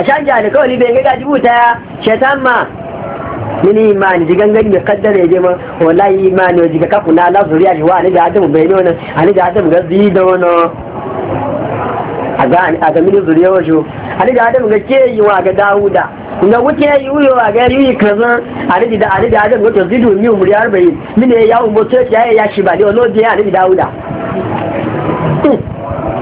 a shan jihar kawai bai ga gaji buta shaitan ma mini imani ji gangan ya kaddara ya je ma wallahi imani ya ji ka kafu na Allah zuriya shi wa ani da adamu bai nuna wannan ani da adamu ga zi da wannan a ga mini zuriya wa shi ani da adamu ga ke yi wa ga dawuda nga wuce ya yi wuyo a ga yi kaza ani da ani da adamu ga to zidu mi umri 40 mini ya umbo to ya ya shi ba ne wannan da ani dawuda